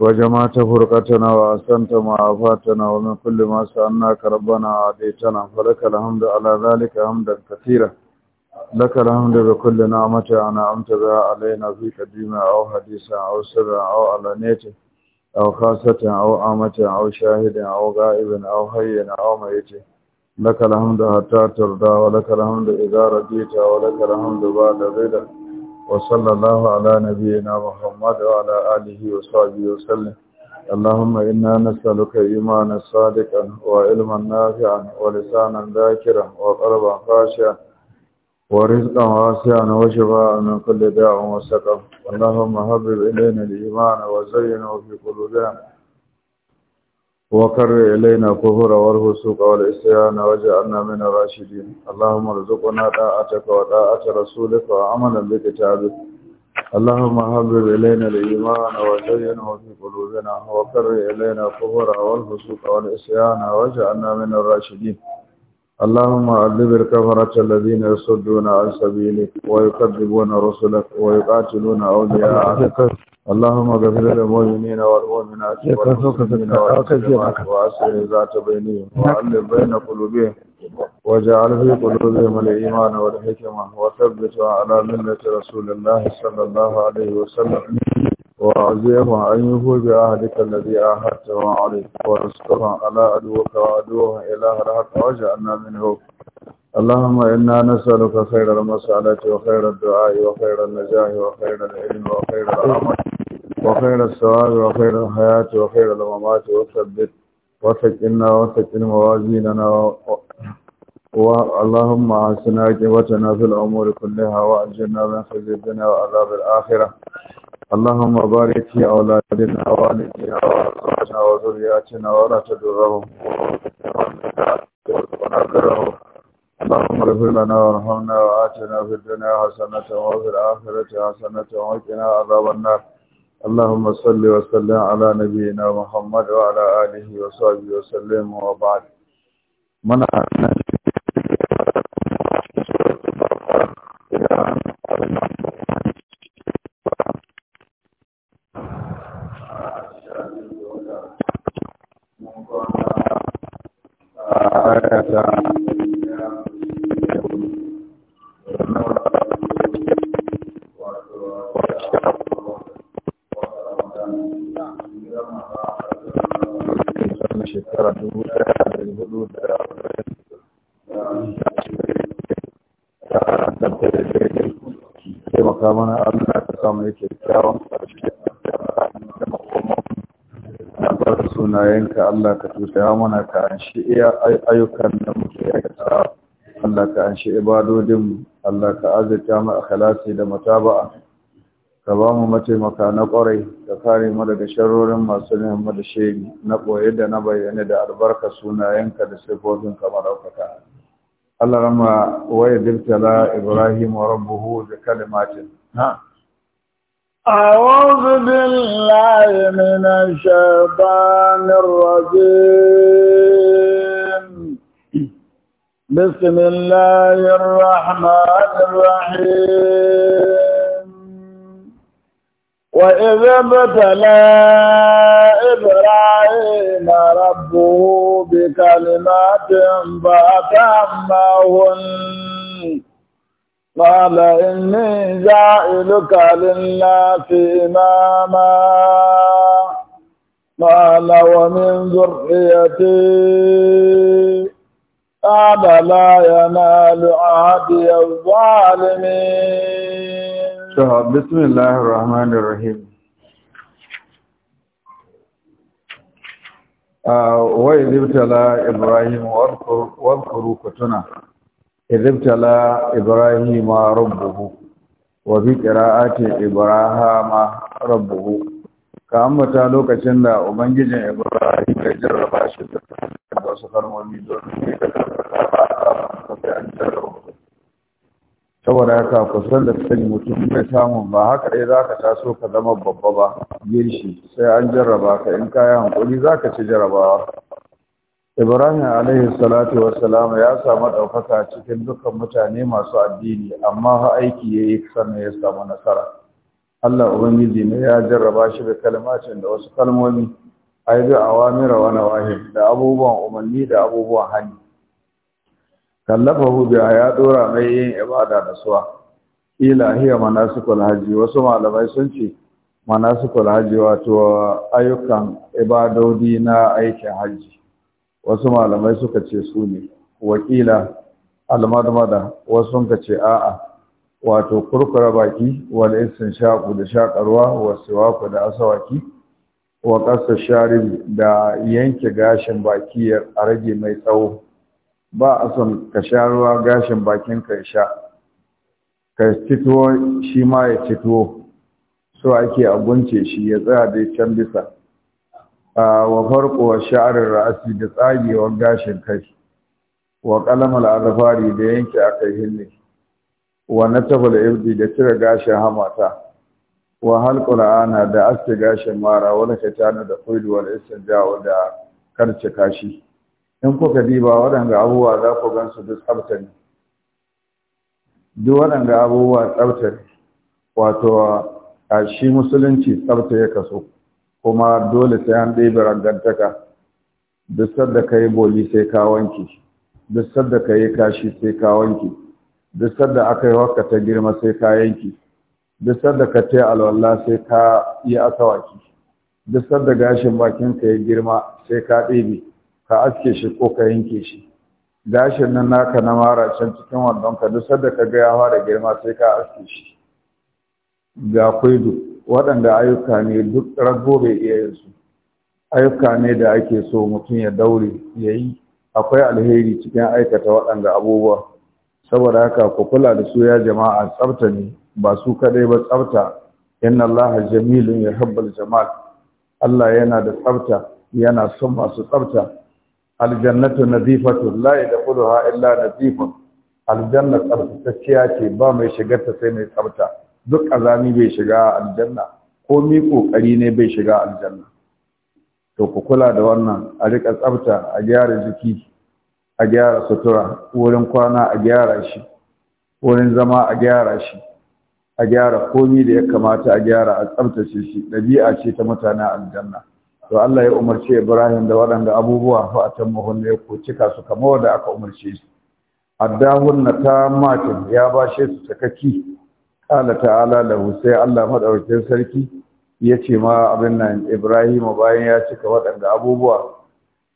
وجمعت فرقتنا وأسنت معافاتنا ومن كل ما سألناك ربنا عديتنا فلك الحمد على ذلك حمدا كثيرا لك الحمد بكل نعمة أنعمت بها علينا في قديمة أو حديثة أو سرع أو علانية أو خاصة أو عامة أو شاهد أو غائب أو حي أو ميت لك الحمد حتى ترضى ولك الحمد إذا رضيت ولك الحمد بعد رضا وصلى الله على نبينا محمد وعلى آله وصحبه وسلم اللهم إنا نسألك إيمانا صادقا وعلما نافعا ولسانا ذاكرا وقلبا خاشعا ورزقا واسعا وشفاء من كل داع وسقم اللهم حبب إلينا الإيمان وزينه في قلوبنا وكر إلينا كفر والهسوق والإسيان وجعلنا من الراشدين اللهم ارزقنا طاعتك وطاعة رسولك وعملا بكتابك اللهم حبب إلينا الإيمان وزينه في قلوبنا وكر إلينا كفر والفسوق والإسيان وجعلنا من الراشدين اللهم عذب الكفرة الذين يصدون عن سبيلك ويكذبون رسلك ويقاتلون أولياءك اللهم اغفر للمؤمنين والمؤمنات واسر ذات بينهم وعلم بين قلوبهم وجعل في قلوبهم الإيمان والحكمة وثبت على ملة رسول الله صلى الله عليه وسلم وعزيه أن يفوز بعهدك الذي عاهدته عليه وانصرهم على عدوك وعدوه إله الحق واجعلنا منه اللهم إنا نسألك خير المسألة وخير الدعاء وخير النجاح وخير العلم وخير العمل وخير الثواب وخير الحياة وخير الممات وثبت وثقنا وثقل موازيننا اللهم أحسن عاقبتنا في الأمور كلها وأجرنا من خزي الدنيا وعذاب الآخرة اللهم بارك في أولادنا ووالدنا وأزواجنا وذرياتنا ولا تدرهم وارزقنا برهم اللهم اغفر لنا وارحمنا وآتنا في الدنيا حسنة وفي الآخرة حسنة وقنا عذاب النار اللهم صل وسلم على نبينا محمد وعلى آله وصحبه وسلم وبعد muna sunayenka Allah ka tusaya mana ka anshi iya ayyukan da muke aikata Allah ka anshi ibadodin Allah ka azurta mu akhlasi da mutaba'a ka ba mu mataimaka na ƙwarai, ka kare mu daga sharorin masu neman da shegi na ɓoye da na bayyane da albarka sunayenka da sifofin ka madaukaka Allah rama wa yadda Ibrahim wa rabbuhu da kalimatin ha أعوذ بالله من الشيطان الرجيم بسم الله الرحمن الرحيم وإذا ابتلى إبراهيم ربه بكلمات فأتمهن قال إني زائلك للناس إماما قال ومن ذريتي قال لا ينال عهدي الظالمين بسم الله الرحمن الرحيم آه، وإذ ابتلى إبراهيم واذكروا كتنا izibtala ibrahima rabbuhu wa fi qira'ati ibrahama rabbuhu ka ambata lokacin da ubangijin ibrahim ya jarraba shi da ya saboda haka kusan da sani mutum mai samun ba haka ɗaya za ka taso ka zama babba ba girshi sai an jarraba ka in kayan hankuli za ka ci jarrabawa ibrahim alaihi salatu wassalam ya samu ɗaukaka cikin dukkan mutane masu addini amma ha aiki ya yi sannan ya samu nasara allah ubangiji ne ya jarraba shi da kalmacin da wasu kalmomi a yi awamira wani nawahi da abubuwan umarni da abubuwan hani kallafa hubiya ya ɗora mai yin ibada da suwa ila hiya manasikul haji wasu malamai sun ce manasikul haji wato ayyukan ibadodi na aikin haji wasu malamai suka ce su ne wakila almadmada wasu sun ce a'a wato kurkura baki wal shaku da shakarwa wasu waku da asawaki wa ƙasa sharibi da yanke gashin baki ya rage mai tsawo ba a son ka sha ruwa gashin bakin ka sha ka fito shi ma ya fito so ake abunce shi ya tsaya dai can bisa wa farko wa sha'arar ra'asi da tsagewar gashin kai wa kalamar alfari da yanke a kai hille wa na tafala ibdi da cire gashin hamata wa halkul ana da aske gashin mara wani katana da kuidu wal istinja'u da karce kashi in kuka diba waɗanda abubuwa za ku gan su duk tsabta ne duk waɗanda abubuwa tsabta ne wato a shi musulunci tsabta ya kaso kuma dole sai an ɗebe rangantaka duk sadda ka yi boli sai ka wanki duk sadda ka yi kashi sai ka wanki duk sadda aka yi waka ta girma sai ka yanki duk sadda ka ta alwala sai ka yi asawaki duk sadda gashin bakin ka ya girma sai ka ɗebe ka aske shi ko ka yanke shi gashin nan naka na mara can cikin wandonka duk sadda ka ga ya fara girma sai ka aske shi ga kwaido waɗanda ayyuka ne duk rago bai iya yin su ayyuka ne da ake so mutum ya daure ya yi akwai alheri cikin aikata waɗanda abubuwa saboda haka ku kula da su ya jama'a tsafta ne ba su kaɗai ba tsafta inna allaha jamilun habbal Jama'a. Allah yana da tsafta yana son masu tsafta aljannatu nadifatu la yadkhuluha illa nadifun aljanna tsaftatacciya ce ba mai shigarta sai mai tsafta duk azami bai shiga aljanna ko mi kokari ne bai shiga aljanna to ku kula da wannan a rika tsafta a gyara jiki a gyara sutura wurin kwana a gyara shi wurin zama a gyara shi a gyara komi da ya kamata a gyara a tsaftace shi ɗabi'a ce ta mutane aljanna to Allah ya umarce Ibrahim da waɗanda abubuwa fa can muhunna ya ko cika su kamar wanda aka umarce su addahun na ta matin ya bashe su cikakki ƙala ta'ala da sai Allah madaukakin sarki ya ce ma abin nan Ibrahim bayan ya cika waɗanda abubuwa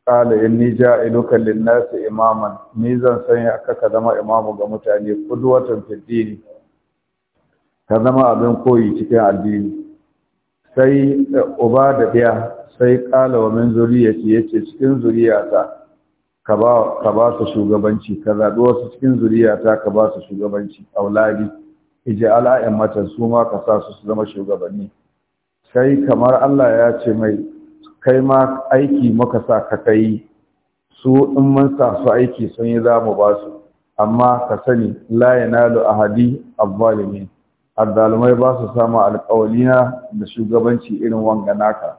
ƙala inni ja'iluka lin-nasi imaman ni zan sanya ka ka zama imamu ga mutane qudwatan fid ka zama abin koyi cikin addini sai uba da ɗaya sai qala wa min zuriyati yace cikin zuriyata ka ba ka ba su shugabanci ka zaɓi wasu cikin zuriyata ka ba su shugabanci auladi ije ala'in matan su ma ka sa su su zama shugabanni kai kamar Allah ya ce mai kai ma aiki muka sa ka kai su in mun sa su aiki sun yi za ba su amma ka sani la yanalu ahadi azzalimin azzalumai ba su samu alƙawalina da shugabanci irin wanga naka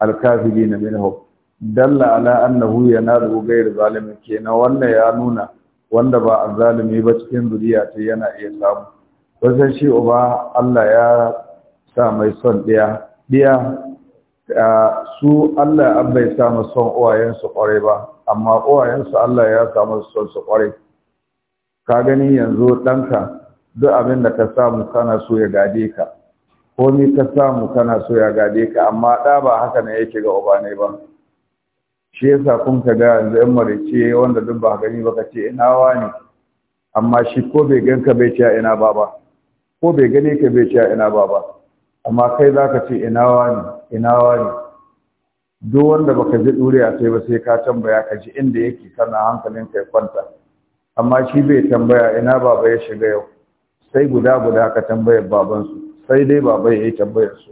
alkafiri na minhu dalla ala annahu yanalu ghayr zalimi kenan wannan ya nuna wanda ba azzalumi ba cikin zuriya ta yana iya samu wasan shi uba Allah ya sa mai son ɗiya ɗiya su Allah an bai sa mai son uwayensu ƙwarai ba amma uwayensu Allah ya sa mai son su ƙwarai ka gani yanzu ɗanka duk abin da ka samu kana so ya gade ka Ko ni ka samu kana so ya gade ka amma ɗa ba haka ne yake ga uba ne ba shi yasa kun ka ga yanzu yan marice wanda duk ba gani ba ka ce ina wani amma shi ko bai ganka bai ce ina baba ko bai gane ka bai a ina baba amma kai za ka ce ina wani ina wani duk wanda baka ji a sai ba sai ka tambaya ka ji inda yake kana hankalin kai kwanta amma shi bai tambaya ina baba ya shiga yau sai guda guda ka tambayar babansu sai dai baba ya yi tambayar su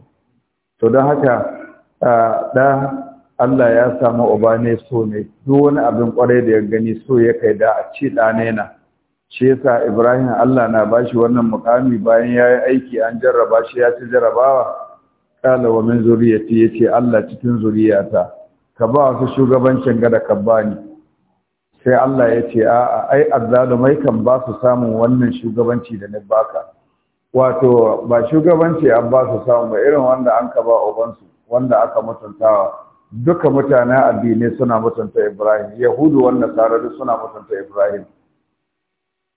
to don haka da Allah ya samu uba ne so ne duk wani abin kwarai da ya gani so ya kai da a ci ɗa ne shi yasa Ibrahim Allah na bashi wannan mukami bayan yayi aiki an jarraba shi ya ci jarrabawa kala wa min zuriyati yace Allah cikin zuriyata ka ba su shugabancin gada ka bani sai Allah yace a ai mai kan ba su samun wannan shugabanci da na baka wato ba shugabanci an ba su samu ba irin wanda an ka ba ubansu wanda aka mutuntawa duka mutanen addinai suna mutunta Ibrahim yahudu wannan sarar suna mutunta Ibrahim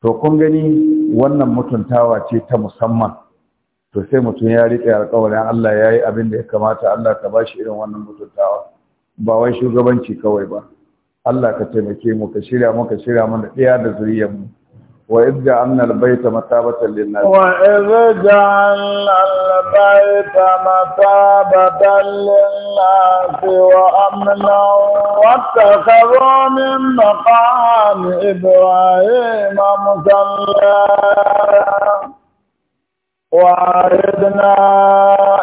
to kun gani wannan mutuntawa ce ta musamman to sai mutum ya riƙe alƙawarin Allah ya yi abin da ya kamata Allah ka ba shi irin wannan mutuntawa ba wai shugabanci kawai ba Allah ka taimake mu ka shirya mu ka shirya mana ɗaya da zuriyar mu وإذ جعلنا البيت مثابة للناس وإذ جعلنا البيت مثابة للناس وأمنا واتخذوا من مقام إبراهيم مصلى وعهدنا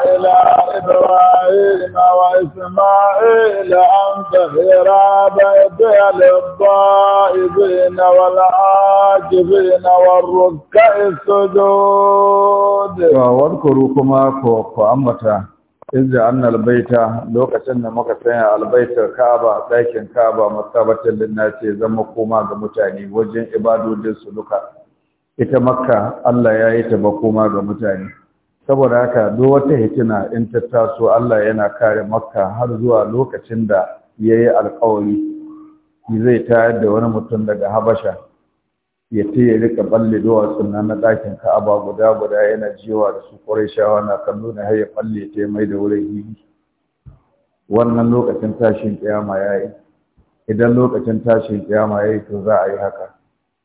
إلى إبراهيم وإسماعيل أن تخيرا بيت تعطي للضائبين والعاجبين والركع السجود واذكروا كما فأمتا إذا أن البيت لو كسن مكسن البيت الكعبة لكن كعبة مكتبة للناس إذا مقوما كمتاني وجن إبادو جنس لك إذا مكة Allah ya yi tabakoma ga saboda haka duk wata hitina in ta taso Allah yana kare makka har zuwa lokacin da ya yi alkawari zai tayar da wani mutum daga habasha ya ta ya rika balle duwatsun suna na ɗakin ka'aba guda guda yana jiwa da su kwarai shawa na kallo na har ya balle ta mai da wurin yi. wannan lokacin tashin kiyama ya yi idan lokacin tashin kiyama ya yi to za a yi haka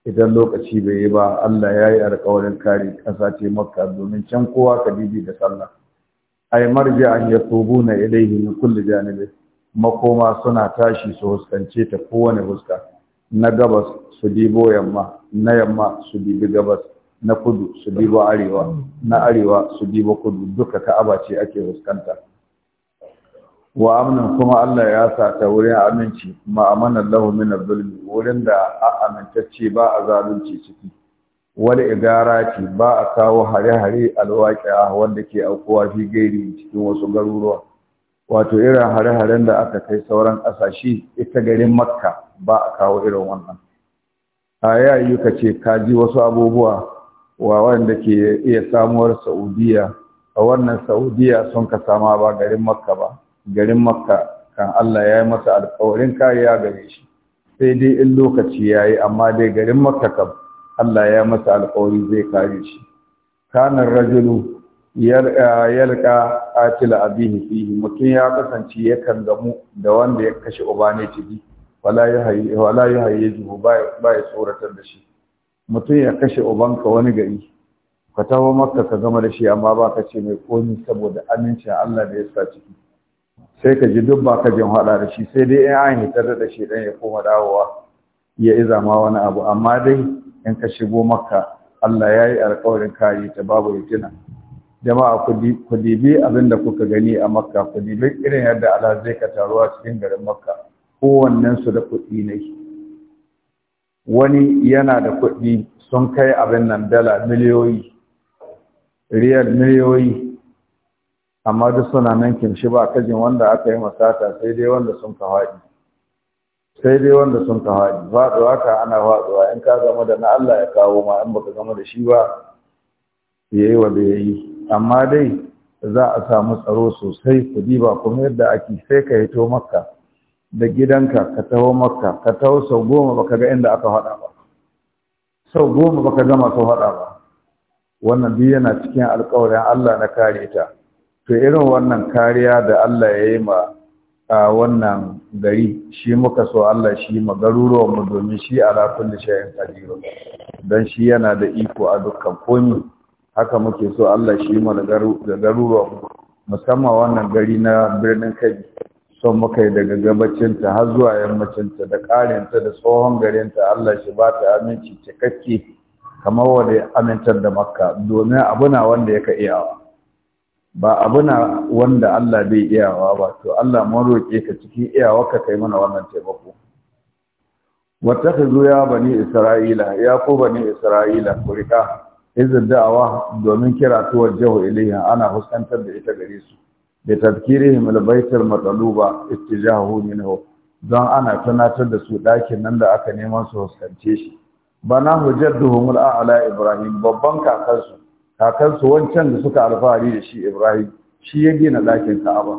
idan lokaci bai yi ba Allah ya yi alkawarin kare ƙasa ce makka domin can kowa ka bibi da sallah ai marja an ya tubu na ilaihi min kulli janibin makoma suna tashi su huskance ta kowane huska na gabas su dibo yamma na yamma su dibi gabas na kudu su dibo arewa na arewa su dibo kudu duka ka'aba ce ake huskanta wa amnan kuma Allah ya sa ta wurin aminci ma amana lahu min zulmi wurin da a amintacce ba a zalunci ciki wal igarati ba a kawo hare-hare alwaqi'a wanda ke aukuwa fi gairi cikin wasu garuruwa wato irin hare-haren da aka kai sauran ƙasashe ita garin makka ba a kawo irin wannan a yayi ka ce ka ji wasu abubuwa wa wanda ke iya samuwar saudiya a wannan saudiya sun ka sama ba garin makka ba garin makka kan allah ya yi masa alkawarin kariya gare shi sai dai in lokaci ya yi amma dai garin makka kam allah ya yi masa alkawari zai kare shi kanar rajulu yalka atila abihi fihi mutum ya kasance yakan gamu da wanda ya kashe uba ne ciki wala ya haye juhu ba ya tsoratar da shi mutum ya kashe ubanka wani gari ka taho makka ka gama da shi amma ba ka ce mai komi saboda amincin Allah da ya sa ciki sai ka ji duk ba ka jin hada da shi sai dai in an hitar da shi dan ya koma dawowa ya iza ma wani abu amma dai in ka shigo maka Allah ya yi alkawarin kare ta babu hitina jama'a ku dibi abin da kuka gani a makka ku dibi irin yadda ala zai ka taruwa cikin garin makka su da kuɗi ne wani yana da kuɗi sun kai abin nan dala miliyoyi riyal miliyoyi amma duk suna nan kimshi ba kajin wanda aka yi masata sai dai wanda sun ka haɗi sai dai wanda sun ka haɗi faɗuwa ka ana faɗuwa in ka gama da na Allah ya kawo ma in baka gama da shi ba ya yi wa da amma dai za a samu tsaro sosai ku ba kuma yadda ake sai ka hito makka da gidanka ka taho makka ka taho sau goma ba ka ga inda aka haɗa ba sau goma ba ka gama sau haɗa ba wannan duk yana cikin alkawarin Allah na kare ta to irin wannan kariya da Allah ya yi ma a wannan gari shi muka so Allah shi ma mu domin shi rafin da shay'in don shi yana da iko a dukkan komi haka muke so Allah shi mana da garuruwa musamman wannan gari na birnin kai, son muka yi daga gabacinta har zuwa yammacinta da ƙarinta da tsohon garinta Allah shi ba ta aminci cikakke kamar wanda amintar da makka domin abuna wanda ya ka iyawa ba abuna wanda Allah bai iyawa ba to Allah mun roƙe ka cikin iyawa ka kai mana wannan taimako wattakhidhu ya bani isra'ila ya ku bani isra'ila ku riƙa izin da'awa domin kira tuwar jahu ana fuskantar da ita gare su da tafkirihim albaitar matsaluba na minhu don ana tunatar da su ɗakin nan da aka neman su fuskance shi bana hujjadduhum al'ala ibrahim babban kakansu kakansu wancan da suka alfahari da shi ibrahim shi ya gina ɗakin ka'aba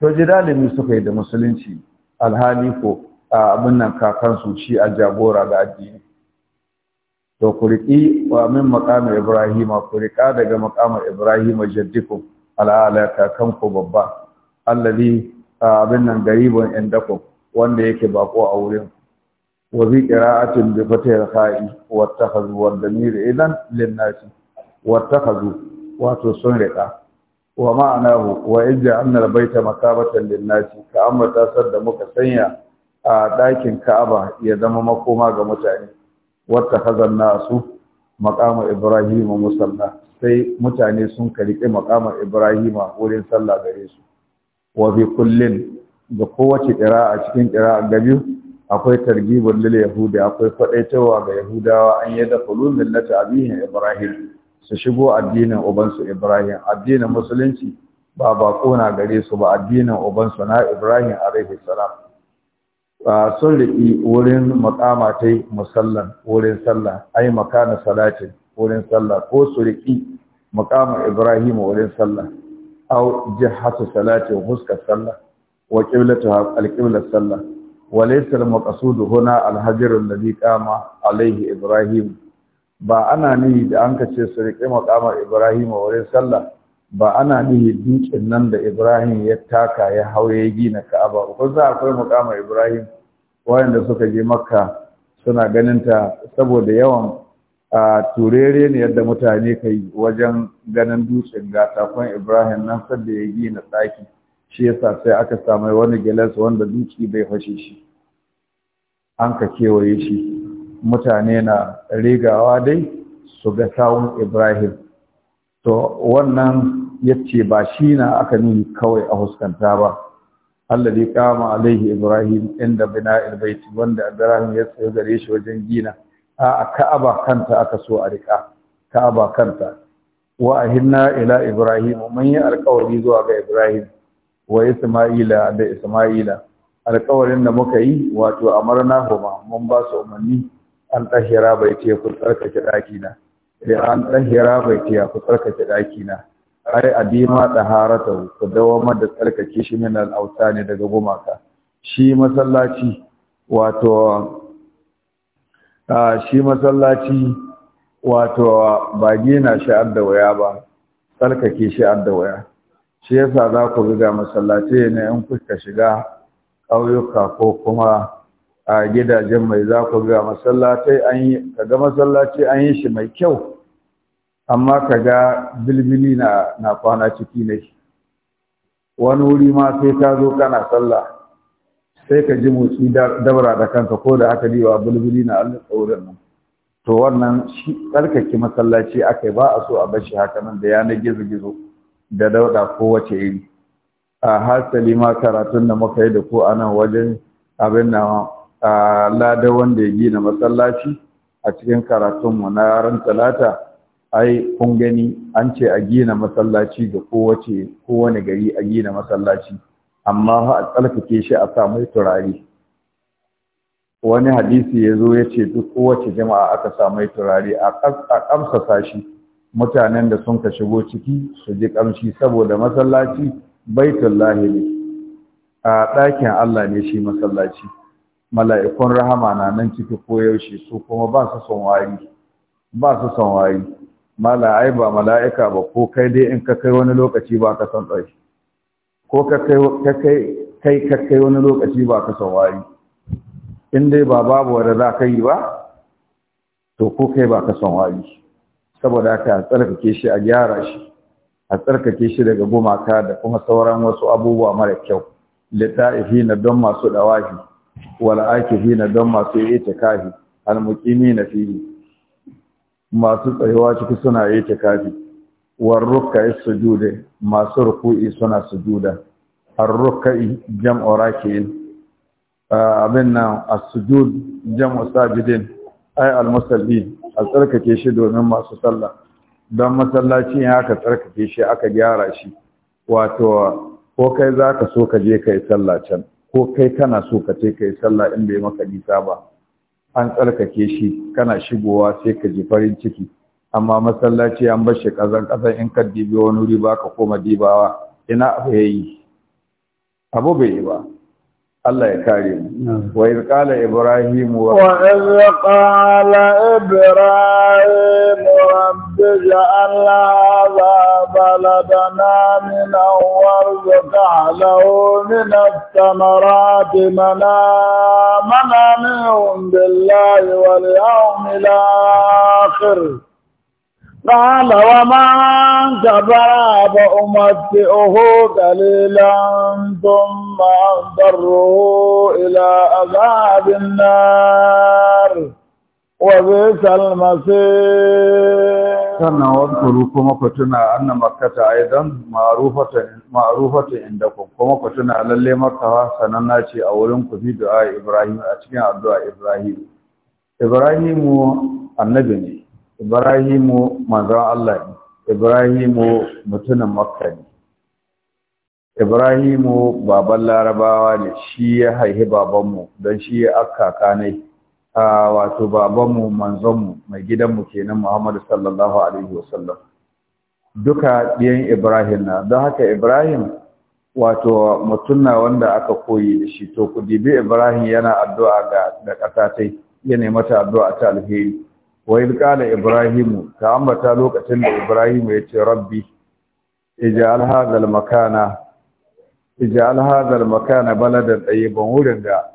to dalibi suka yi da musulunci alhali ko a abin nan kakansu shi a jagora da addini to ku riƙi wa min maƙamin Ibrahim, ku riƙa daga maƙamin ibrahima jaddikum al'ala kakanku babba allazi abin nan garibun indakum wanda yake bako a wurin wa bi qira'atin bi fatihil kha'i takhadhu wa damir idan wa takhadhu wa wato sun riƙa wa ma'anahu wa idda anna al-baita makabatan lin ka amma tasar da muka sanya a dakin Ka'aba ya zama makoma ga mutane wata hazan su makama ibrahima musalla sai mutane sun karike makama ibrahima wurin sallah gare su wa bi kullin da kowace kira a cikin kira ga biyu akwai targibul lil yahudi akwai fadaitawa ga yahudawa an yada kullu millata abihi ibrahim su shigo addinin ubansu ibrahim addinin musulunci ba bako na gare su ba addinin ubansu na ibrahim alaihi salam sun riƙi wurin mukama ta musallan wurin sallah ai makana salatin wurin sallah ko su riƙi mukama ibrahim wurin sallah au hasu salatin huskar sallah wa ƙiblatu Alƙiblar sallah wa laysa al huna al-hajar zai kama alaihi ibrahim ba ana nihi da an kace su riƙi mukama Ibrahim wurin sallah ba ana nihi dukin nan da Ibrahim ya taka ya hau ya gina Ka'aba ko za akwai mukama Ibrahim wayanda suka je makka suna ganin ta saboda yawan a turere ne yadda mutane ka yi wajen ganin dutsen ga kwan ibrahim nan sadda ya gina tsaki shi yasa sai aka samu wani gilas wanda duki bai fashe shi an ka kewaye shi mutane na rigawa dai su ga sawun ibrahim to wannan ya ce ba shi na aka nuni kawai a huskanta ba alladhi qama alaihi ibrahim inda bina'il bait wanda ibrahim ya tsaya gare shi wajen gina a ka'aba kanta aka so a rika ka'aba kanta wa ahinna ila ibrahim mun yi alkawari zuwa ga ibrahim wa isma'ila da isma'ila Alkawarin da muka yi wato amarna huma mun ba su umarni an tahira bai ce ku tsarkake daki na an tahira ku tsarkake daki na ai adima da ku dawamar da tsarkake shi min auta ne daga gumaka shi masallaci wato shi masallaci wato ba gina shi adda waya ba tsarkake shi adda waya shi yasa za ku riga masallaci ne in kuka shiga ƙauyuka ko kuma a gidajen mai za ku ga masallaci an yi ga masallaci an yi shi mai kyau amma ka ga bilbili na, kwana ciki na shi wani wuri ma sai ka zo kana sallah sai ka ji motsi dabara da kanka ko da haka liwa bilbili na allah tsaurin nan to wannan shi tsarkake masallaci aka ba a so a bashi haka nan da yanar gizo-gizo da dauɗa ko wace iri a hasali ma karatun da muka yi da ko a nan wajen abin na lada wanda ya gina masallaci a cikin karatunmu na ran talata ai kun gani an ce a gina masallaci ga kowace kowane gari a gina masallaci amma fa a tsarkake shi a sa mai turare wani hadisi ya zo ya ce duk kowace jama'a aka sa mai turare a kamsasa shi mutanen da sun ka shigo ciki su ji ƙamshi saboda masallaci baitun lahiri. a ɗakin Allah ne shi masallaci mala'ikun rahama na nan ciki koyaushe su kuma ba su son wari ba su son wari mala ai ba mala'ika ba ko kai dai in ka kai wani lokaci ba ka san ɗauki ko ka kai ka kai wani lokaci ba ka san wari in dai ba babu wanda za ka yi ba to ko kai ba ka san wari saboda haka a tsarkake shi a gyara shi a tsarkake shi daga gumaka da kuma sauran wasu abubuwa mara kyau littafi na don masu dawafi wal akifi na don masu ta kafi muqimi na fili masu tsayuwa ciki suna yi tikafi warruka sujude masu ruku'i suna sujuda arruka'i jam'u raki'in abin nan as-sujud jam'u sajidin ay al a tsarkake shi domin masu sallah don masallaci ya aka tsarkake shi aka gyara shi wato ko kai zaka so ka je kai sallah can ko kai kana so ka ce kai sallah in bai maka nisa ba an tsarkake shi kana shigowa sai ka ji farin ciki amma masallaci an bar shi kazan kasan in ka dibi wani wuri ka koma dibawa ina abu ya yi abu bai yi ba الله يكريم وإذ قال إبراهيم وإذ قال إبراهيم رب جعل هذا بلدنا من وارزق له من الثمرات من آمن منهم بالله واليوم الآخر قال ومن تبع فأمتئه قليلا ثم أضره إلى عذاب النار وبئس المصير sannan wadkuru kuma ku tuna anna makkata aidan ma'rufatan ma'rufatan indakum kuma ku tuna lalle makka sananna ce a wurin ku fi du'a ibrahim a cikin addu'a ibrahim ibrahim annabi ne ibrahimu manzon Allah ne ibrahimu mutumin makka ne ibrahimu baban larabawa ne shi ya haihi babanmu don shi ya akkaka ne a wato babanmu manzonmu mai gidanmu kenan muhammadu sallallahu alaihi wasallam duka ɗiyan ibrahim na don haka ibrahim wato mutum wanda aka koyi da shi to ku dibi ibrahim yana addu'a ga da ƙasa ta yana mata addu'a ta alheri wa idh qala ibrahim ka ambata lokacin da ibrahim ya ce rabbi ij'al hadha al-makana ij'al hadha al-makana baladan tayyiban wurin da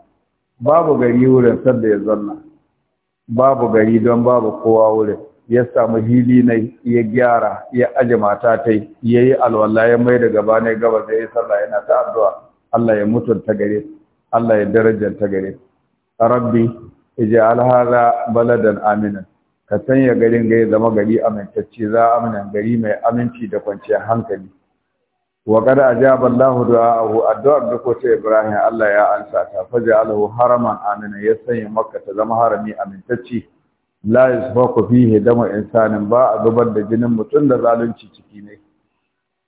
babu gari wurin sanda ya zanna babu gari don babu kowa wurin ya samu hili na ya gyara ya aje mata ta ya yi alwala ya mai da gaba ne gaba da ya sallah yana ta addu'a Allah ya mutunta gare Allah ya darajanta gare rabbi ij'al hadha baladan aminan ka sanya garin ga zama gari amintacce za a minan gari mai aminci da kwanciyar hankali wa qad ajaba Allahu du'a'ahu addu'ar da ko Ibrahim Allah ya ansa ta alahu haraman amina ya sanya Makka ta zama harami amintacce la yasbaqu fihi damu insanin ba a zubar da jinin mutum da zalunci ciki ne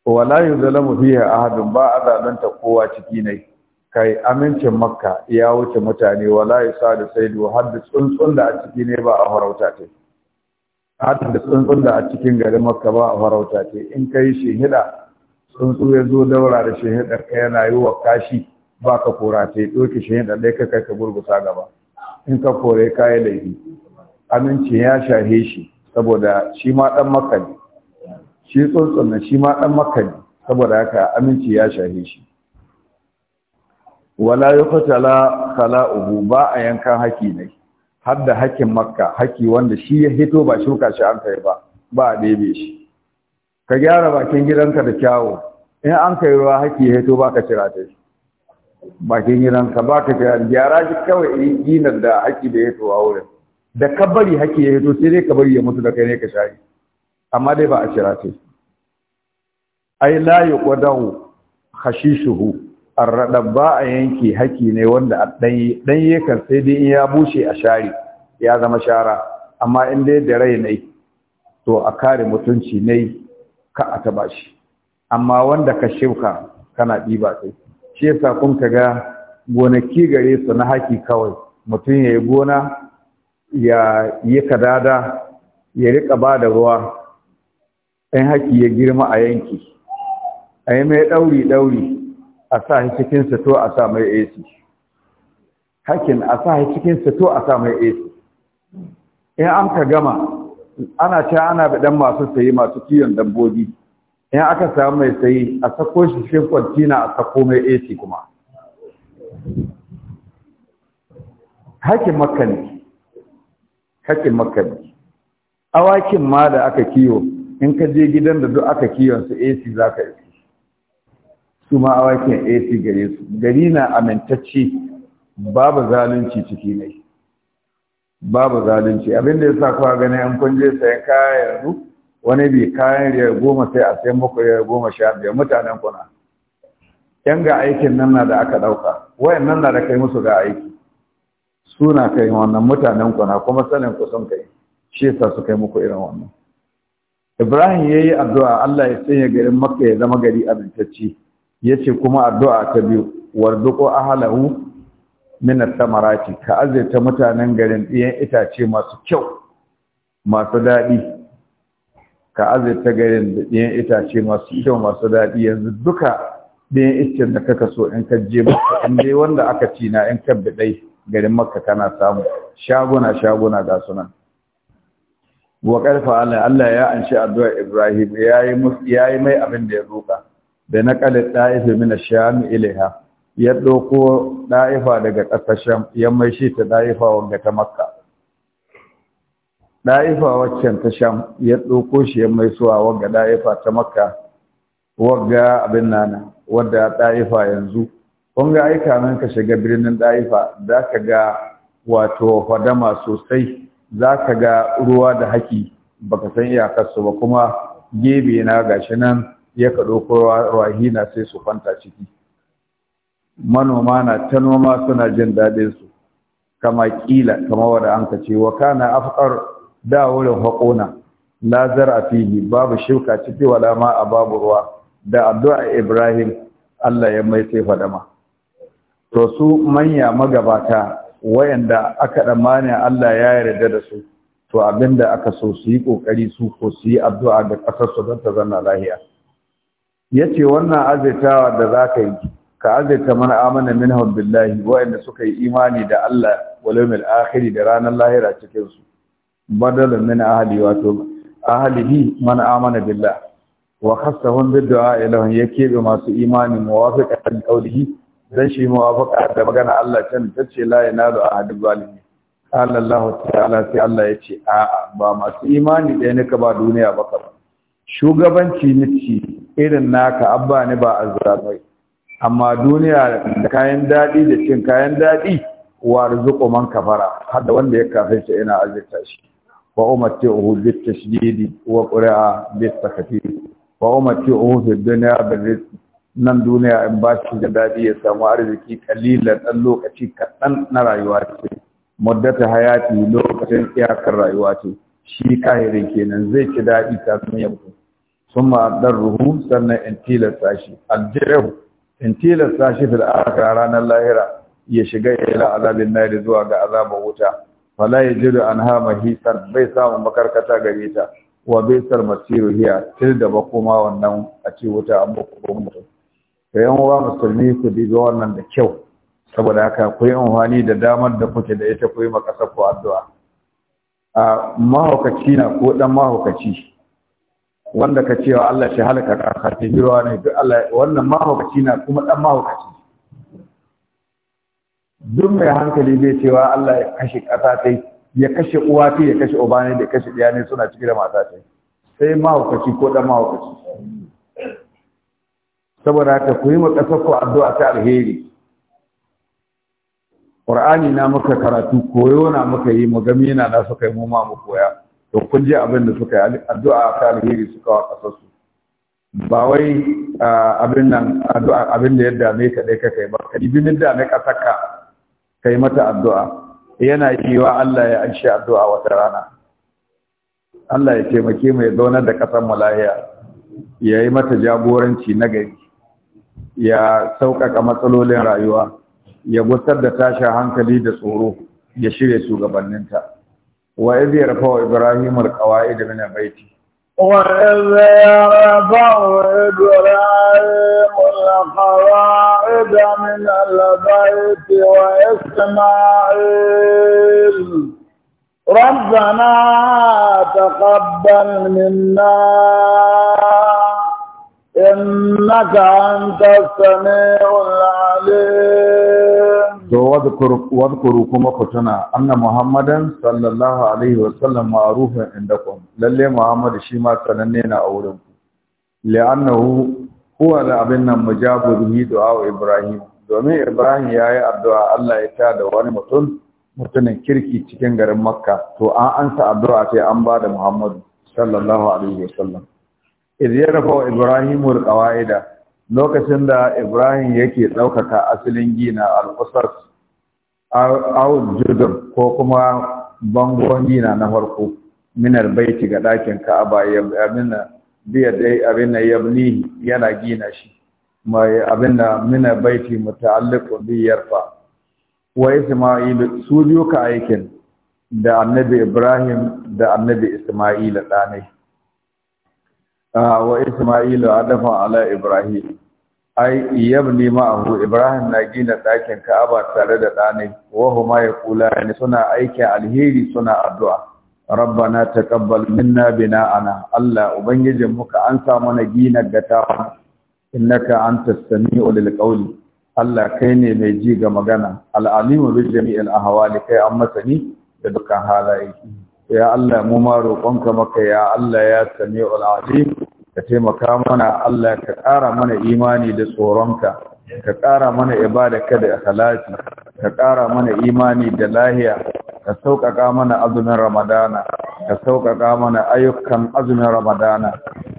wala yuzlamu fiha ahadun ba a zalunta kowa ciki ne kai amincin makka ya wuce mutane wala yasa da saidu har da tsuntsun da a ciki ne ba a farauta ta hatar da tsuntsun da a cikin garin makka ba a farauta ce in ka yi shehida tsuntsu ya zo daura da shehida ka yana yi wa kashi ba ka kora ce ɗauki shehida ɗaya ka kai ka gurgusa gaba in ka kore ka yi laifi amincin ya shahe shi saboda shi ma ɗan makka ne shi tsuntsun na shi ma ɗan makka ne saboda haka aminci ya shahe shi wala yuqtala khala'uhu ba a yankan haki ne har da hakkin makka haki wanda shi ya hito ba shuka shi an kai ba ba a ɗebe shi ka gyara bakin gidanka da kyawu in an kai ruwa haki ya hito ba ka cira ta shi bakin gidanka ba ka cira gyara shi kawai ginar da haki da ya hito a wurin da ka bari haki ya hito sai dai ka bari ya mutu da kai ne ka shayi amma dai ba a cira ta shi ai la yuqdahu khashishuhu arraɗa ba a yanke haƙi ne wanda a ɗanyi ɗanyi kan sai dai in ya bushe a shari ya zama shara amma in dai da rai ne to a kare mutunci ne ka a taba shi amma wanda ka shibka kana ɗiba sai shi yasa kun ka ga gonaki gare su na haki kawai mutum ya yi gona ya yi kadada ya riƙa ba da ruwa ɗan haƙi ya girma a yanki a yi mai ɗauri-ɗauri a sa shi cikin sito a sa mai AC hakin a sa shi cikin sito a sa mai AC in an ka gama ana ce ana ɗan masu sayi masu kiyon dabbobi in aka samu mai sayi a sako shi cikin kwantina a sako mai AC kuma hakin makani, hakin makka awakin ma da aka kiyo in ka je gidan da duk aka kiyon su AC za ka yi su ma awakin AC gare su gari na amintacci. babu zalunci ciki ne babu zalunci abinda ya sa kuwa gani an kun je sayan kaya yanzu wani bi kayan riyar goma sai a sayan muku riyar goma sha biyar mutanen kuna yan ga aikin nan na da aka ɗauka wayan nan na da kai musu ga aiki suna kai wannan mutanen kuna kuma sanin ku sun kai shi yasa su kai muku irin wannan Ibrahim ya yi addu'a Allah ya sanya garin Makka ya zama gari amintacci. yace kuma addu'a ta biyu warzuqu ahlahu min at-tamarati ka azaita mutanen garin ɗiyan itace masu kyau masu daɗi ka azaita garin da ɗiyan itace masu kyau masu daɗi yanzu duka ɗayan iccen da kaka so in ka je maka in dai wanda aka ci na in ka biɗai garin maka kana samu shaguna shaguna ga sunan wa ƙarfa Allah Allah ya anshi addu'a Ibrahim yayi yayi mai abin da ya roka da naqal da'ifa min ash-sham ilaiha ya ɗauko ɗa’ifa daga ƙasashen ya mai shi ta ɗa’ifa wanda ta makka ɗa’ifa waccan ta sham ya ɗauko shi ya mai suwa wanda ɗa’ifa ta makka wanda abin nana wanda ɗa’ifa yanzu kun ga aika nan ka shiga birnin ɗa’ifa za ka ga wato fadama sosai za ka ga ruwa da haki baka san iyakarsu ba kuma gebe na gashi nan ya ka ɗauko rahina sai su kwanta ciki manoma na ta noma suna jin daɗin su kama ƙila kama wada an ka ce wa kana afkar da wurin haƙona na zara fili, babu shuka ciki wala ma a babu ruwa da addu'a Ibrahim Allah ya mai sai fadama to su manya magabata wayanda aka damani Allah ya yarda da su to abinda aka so su yi kokari su ko su yi addu'a da kasar su don ta zanna lahiya yace wannan azaitawa da zaka yi ka azaita man amana minhum billahi wa'anda suka yi imani da Allah wal yawmil akhir da ranar lahira cikin su badalan min ahli wato ahlihi man amana billah wa khassahum bid du'a ilahum yakebe masu imani muwafiqan qawlihi dan shi muwafaqa da magana Allah can tace la yanalu ahadu zalimi qala Allah ta'ala sai Allah yace a'a ba masu imani da ne ka ba duniya ba ka shugabanci ne irin naka abba ne ba azzamai amma duniya da kayan daɗi da cin kayan daɗi wa rizuqu man kafara hadda wanda ya shi ina azirta shi wa umatti'uhu bit tashdidi wa ƙuri'a bit takhfif wa fi duniya da rizki nan duniya in ba shi da daɗi ya samu arziki kalilan ɗan lokaci kaɗan na rayuwa ce muddata hayati lokacin iyakar rayuwa ce shi kahirin kenan zai ci daɗi kafin ya mutu ثم أضره سنة انتيلة ساشي أرجعه انتيلة ساشي في الآخر رانا اللاهرة يشغي إلى عذاب النار زواج عذاب وتا فلا يجد أنها مهيسا بيسا ومكركتا غريتا وبيسا المسير هي تلد بقوما والنوم أتي وتا أموك قومته فيهم الله مسلمي كدي وانا دكيو saboda haka ku yi amfani da damar da kuke da ita ku yi makasar ku addu'a a mahaukaci na ko dan mahaukaci wanda ka cewa Allah shi halaka ka ta girwa ne duk Allah wannan mahaukaci na kuma ɗan mahaukaci duk mai hankali zai cewa Allah ya kashe ƙasa ta ya kashe uwa ta ya kashe uba ne da kashe ɗaya ne suna cikin da mata sai sai mahaukaci ko ɗan mahaukaci saboda haka ku yi ma kasar ku addu'a ta alheri Qur'ani na muka karatu koyo na muka yi mu gami yana na suka yi mu ma mu koya to kun ji abin da suka yi addu'a ta alheri suka wa kasarsu ba wai abin nan addu'a abin da ya dame ka kai ba ka ibi min dame kasarka yi mata addu'a yana cewa Allah ya anshi addu'a wata rana Allah ya taimake mu ya zauna da kasar mu ya yi mata jagoranci na gari ya sauƙaƙa matsalolin rayuwa ya gusar da tashin hankali da tsoro ya shirya shugabanninta وإذ يرفع إبراهيم القواعد من البيت وإذ يرفع إبراهيم القواعد من البيت وإسماعيل ربنا تقبل منا إنك أنت السميع العليم to wadkuru kuma ku tuna muhammadan sallallahu alaihi wasallam ma'rufun indakum lalle muhammad shi ma sananne na a wurin ku li'annahu huwa la abin nan mujabu bihi du'a ibrahim domin ibrahim yayi addu'a Allah ya ta da wani mutum mutumin kirki cikin garin makka to an ansa addu'a sai an bada Muhammadu muhammad sallallahu alaihi wasallam idh Ibrahim ibrahimu alqawaida lokacin da ibrahim yake daukaka asalin gina al-qasas aw ko kuma bangon gina na farko min albayti ga dakin ka'aba ya amina biya dai abin yabni yana gina shi mai abin da min albayti muta'alliqu bi yarfa wa isma'il su biyu ka aikin da annabi ibrahim da annabi isma'ila ɗanai wa Isma'ilu adafan ala Ibrahim ai yabni ma'ahu Ibrahim na gina ɗakin Ka'aba tare da ma ya kula ne. suna aikin alheri suna addu'a rabbana taqabbal minna bina'ana Allah ubangijin muka an mana gina In naka antas sami'u lil qawli Allah kai ne mai ji ga magana al alimu bi jami'il ahwali kai an masani da dukkan halaye ya Allah mu ma roƙonka maka ya Allah ya sami'ul alim ka taimaka mana Allah ka ƙara mana imani da tsoronka ka ƙara mana ibadaka da halati ka ƙara mana imani da lahiya ka sauƙaƙa mana azumin ramadana ka sauƙaƙa mana ayyukan azumin ramadana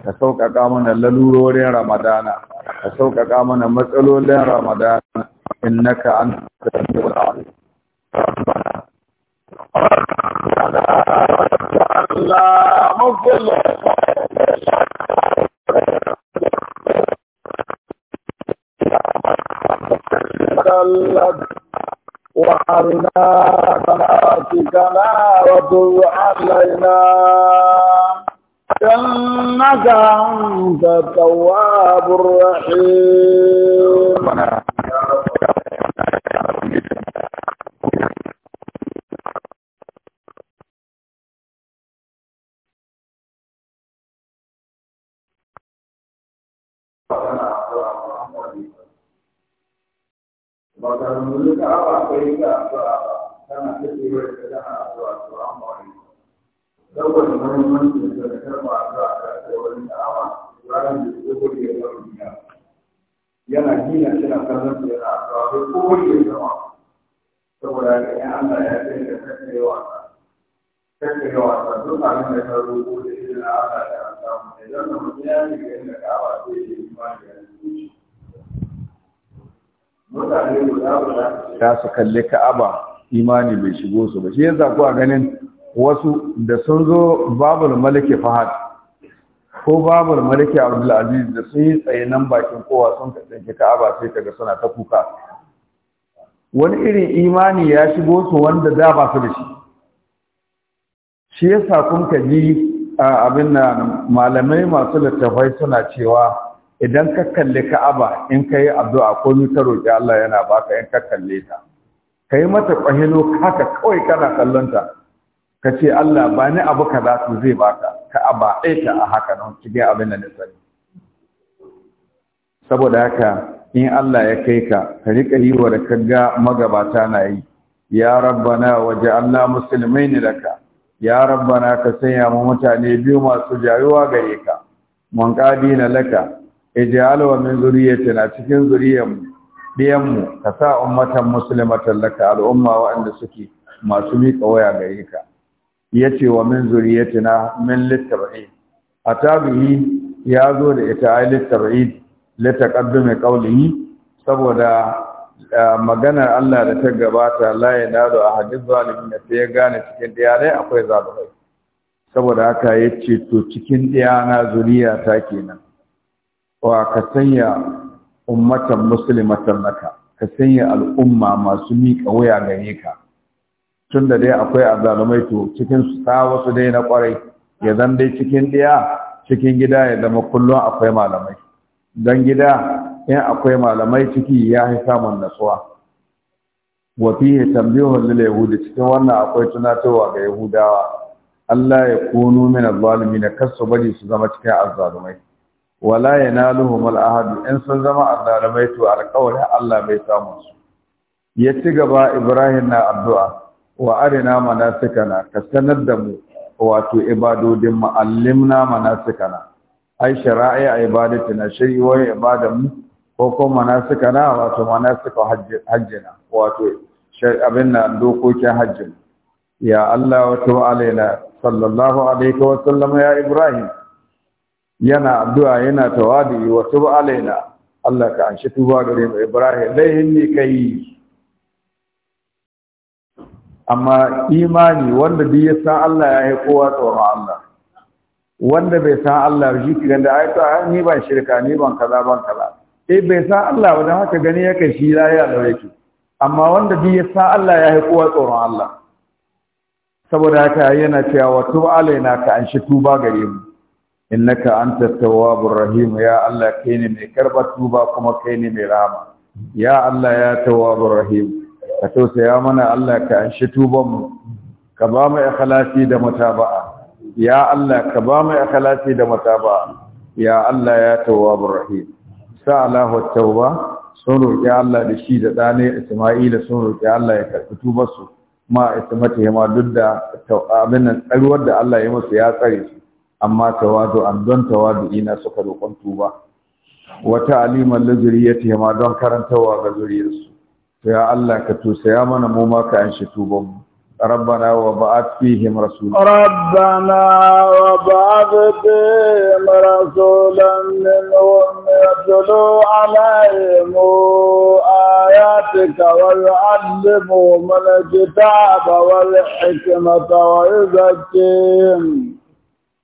ka sauƙaƙa mana lalurorin ramadana ka sauƙaƙa mana matsalolin ramadana innaka anta Allah, Mughallah. تكلم وارنا صلاتكنا علينا انك انت التواب الرحيم ba ka nuna ka ba ka yi ka ba kana ta ce da addu'a to an ba saboda muhimmancin da ka karba addu'a ka ce wani da'awa ranar da ko ko ya ba duniya yana gina kina kallon da yana addu'a ko ko ya zama saboda ga ya Allah ya ce da kake yawa kake yawa duk abin da da idan Allah ya ga sai yi imani da ta su kalli ka'aba imani bai shigo su ba shi ya zaku a ganin wasu da sun zo babul Maliki fahad ko babul malaki abdulaziz da sun yi tsaye bakin kowa sun kasance ka'aba sai kaga suna ta kuka wani irin imani ya shigo su wanda da ba su da shi shi yasa kun ka ji abin malamai masu littafai suna cewa idan ka kalli ka'aba in ka yi addu'a ko ta roƙi Allah yana baka in ka kalle ta ka yi mata ƙwahilo haka kawai kana kallon ta ka ce Allah ba ni abu ka za zai baka ka'aba ɗaya ta a haka nan cikin abin da na saboda haka in Allah ya kai ka ka riƙa yi wa da ka ga magabata na yi ya rabbana waje Allah musulmai ne laka ya rabbana ka sanya mu mutane biyu masu jayuwa gare ka mun na laka ij'alu wa min zuriyatina cikin zuriyarmu mu ka sa ummatan muslimatan laka al'umma waɗanda suke masu miƙa waya gare ka yace wa min zuriyatina min littabi atabi ya zo da ita ay la litaqaddama qawlihi saboda maganar Allah da ta gabata la a ahadin zalimin sai ya gane cikin diyanai akwai zalimai saboda haka yace to cikin diyana zuriya ta kenan wa ka sanya ummatan muslimatan naka ka sanya al'umma masu miƙa wuya gare ka tun da dai akwai azalumai to cikin su ta wasu dai na kwarai ya zan dai cikin ɗaya cikin gida ya zama kullum akwai malamai don gida in akwai malamai ciki ya yi samun nasuwa wa fihi tambihun lil yahudi cikin wannan akwai tunatarwa ga yahudawa Allah ya kunu min az-zalimin kasu bari su zama cikin azzalumai wala yanaluhum al-ahad in sun zama azzalimai to alƙawari Allah bai samu su ya ci gaba Ibrahim na addu'a wa arina manasikana ka sanar da mu wato ibadodin mu allimna manasikana ai shara'i ibadatina shari'o'i ibadan mu ko ko manasikana wato manasika hajjina wato abin na dokokin hajjin ya Allah wa ta'ala sallallahu alaihi wa sallam ya Ibrahim yana addu'a yana tawadi wa ba alaina Allah ka shi tuba gare mu Ibrahim laihin ne ka yi. amma imani wanda duk sa Allah ya yi kowa tsoron Allah wanda bai san Allah shi ki ganda a to ni ban shirka ni ban kaza ban kaza eh bai san Allah ba haka gani ya kai shi yi a daure ki amma wanda duk sa Allah ya yi kowa tsoron Allah saboda haka yana cewa wa tuba alaina ka shi tuba gare mu innaka anta tawwabur rahim ya Allah kai ne mai karbar tuba kuma kai ne mai rahama ya Allah ya tawwabur rahim ka tausaya mana Allah ka anshi tuban mu ka ba mu ikhlasi da mutaba'a ya Allah ka ba mu ikhlasi da mutaba'a ya Allah ya tawwabur rahim sa'alahu tawba sun roƙi Allah da shi da ɗane Isma'ila sun roƙi Allah ya karɓi tubarsu ma ismatihima duk da abin nan tsaruwar da Allah ya musu ya tsare su amma tawadu an don tawadu ina suka roƙon tuba wata aliman lazuriyati ma don karantawa ga zuriyarsu to ya Allah ka tusaya mana mu ma ka anshi tuban mu ربنا وبعث فيهم رسولا ربنا وبعث فيهم رسولا منهم يتلو عليهم آياتك ويعلمهم الكتاب والحكمة ويزكيهم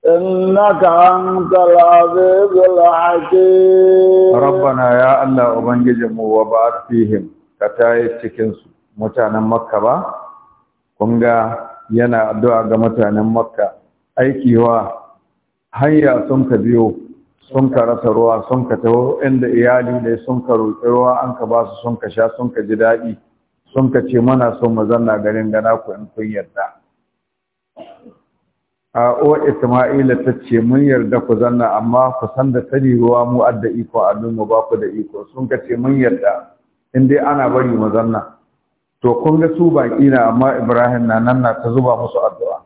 إنك أنت ya Allah ربنا mu الله أبنجم وبعث فيهم كتاية تكنسو mutanen makka ba kun yana addu'a ga mutanen makka aikiwa hanya sun ka biyo sun ka rasa ruwa sun ka taho inda iyali ne sun ka roƙi ruwa an ka ba sun ka sha sun ka ji daɗi sun ka ce mana son mu zanna ganin gana ku in kun yarda a o isma'ila ta ce mun yarda ku zanna amma ku san da sani ruwa mu adda iko nan mu ba ku da iko sun ka ce mun yarda in dai ana bari mu zanna to kun ga su baki na amma ibrahim na nan na ta zuba musu addu'a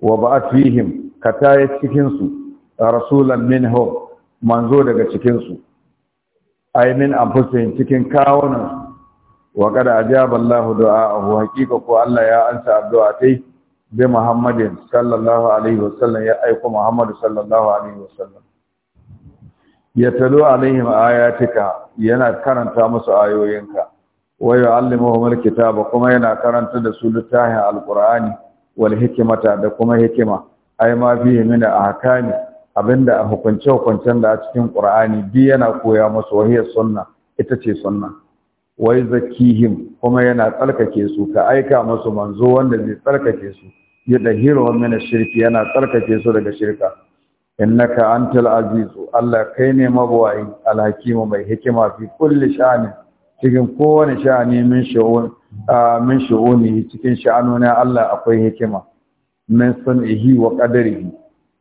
wa ba'at fihim ka tayi cikin su rasulan minhum manzo daga cikin su ay min anfusihim cikin kawunan wa kada ajaba Allahu abu haqiqa ko Allah ya ansa addu'a tai bi Muhammadin sallallahu alaihi wasallam ya aiko Muhammadu sallallahu alaihi wasallam ya talo alaihim ayatika yana karanta musu ayoyinka wa yu'allimuhum alkitaba kuma yana karanta da su littafin alqur'ani wal hikmata da kuma hikima ai ma fihi min ahkami abinda a hukunce hukuncen da a cikin qur'ani bi yana koya musu wahiyar sunna ita ce sunna wai zakihim kuma yana tsarkake su ka aika musu manzo wanda zai tsarkake su yudhiruhum min mina shirki yana tsarkake su daga shirka innaka antal azizu Allah kai ne mabawai alhakimu mai hikima fi kulli sha'ani cikin kowane sha'ani min shu'un min shu'uni cikin sha'anuna Allah akwai hikima min sun'ihi wa qadarihi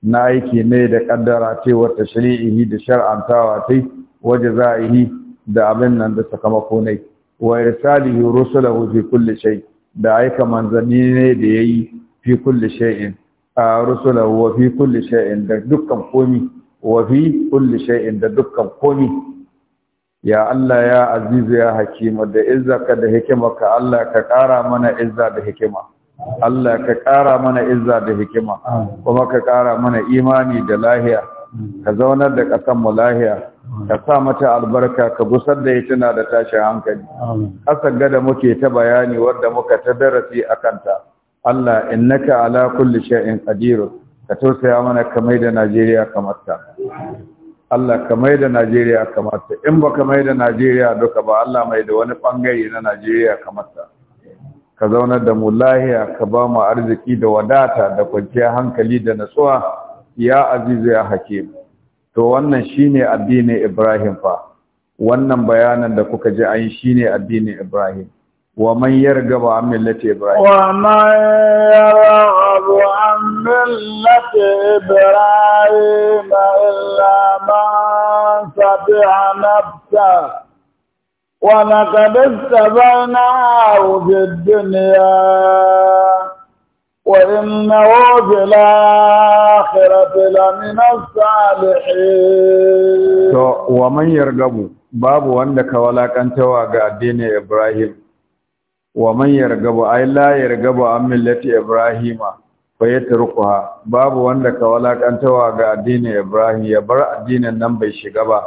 na aiki ne da kaddara ce wa tashri'ihi da shar'antawa tai wa jazaihi da abin nan da sakamako ne wa irsalihi rusulahu fi kulli shay da aika manzanni ne da yayi fi kulli shay'in rusula wa fi kulli shay'in da dukkan komi wa fi kulli shay'in da dukkan komi ya Allah ya azizu ya hakima da ka da hikima ka Allah ka kara mana izza da hikima Allah ka ƙara mana izza da hikima kuma ka kara mana imani da lahiya ka zaunar da kasan mu lahiya ka sa mata albarka ka gusar da ita na da tashin hankali kasar gada muke ta bayani wadda muka ta darasi a kanta Allah innaka ala kulli shay'in qadir ka tausaya mana kamar da Najeriya kamar ta Allah ka da Najeriya kamar ta in baka mai da Najeriya duka ba Allah mai da wani bangare na Najeriya kamar ta ka zauna da mu ka ba mu arziki da wadata da kwanciyar hankali da natsuwa ya azizu ya hakim to wannan shine addinin Ibrahim fa wannan bayanan da kuka ji an shine addinin Ibrahim ومن يرغب عن ملة إبراهيم ومن يرغب عن ملة إبراهيم إلا من تبع نفسه ولقد اتبعناه في الدنيا وإنه في الآخرة لمن الصالحين ومن يرغب babu wanda ka walakantawa ga addinin Ibrahim wa man yargabu ay la yargabu an millati ibrahima fa yatrukuha babu wanda ka walakantawa ga addinin ibrahim ya bar addinin nan bai shiga ba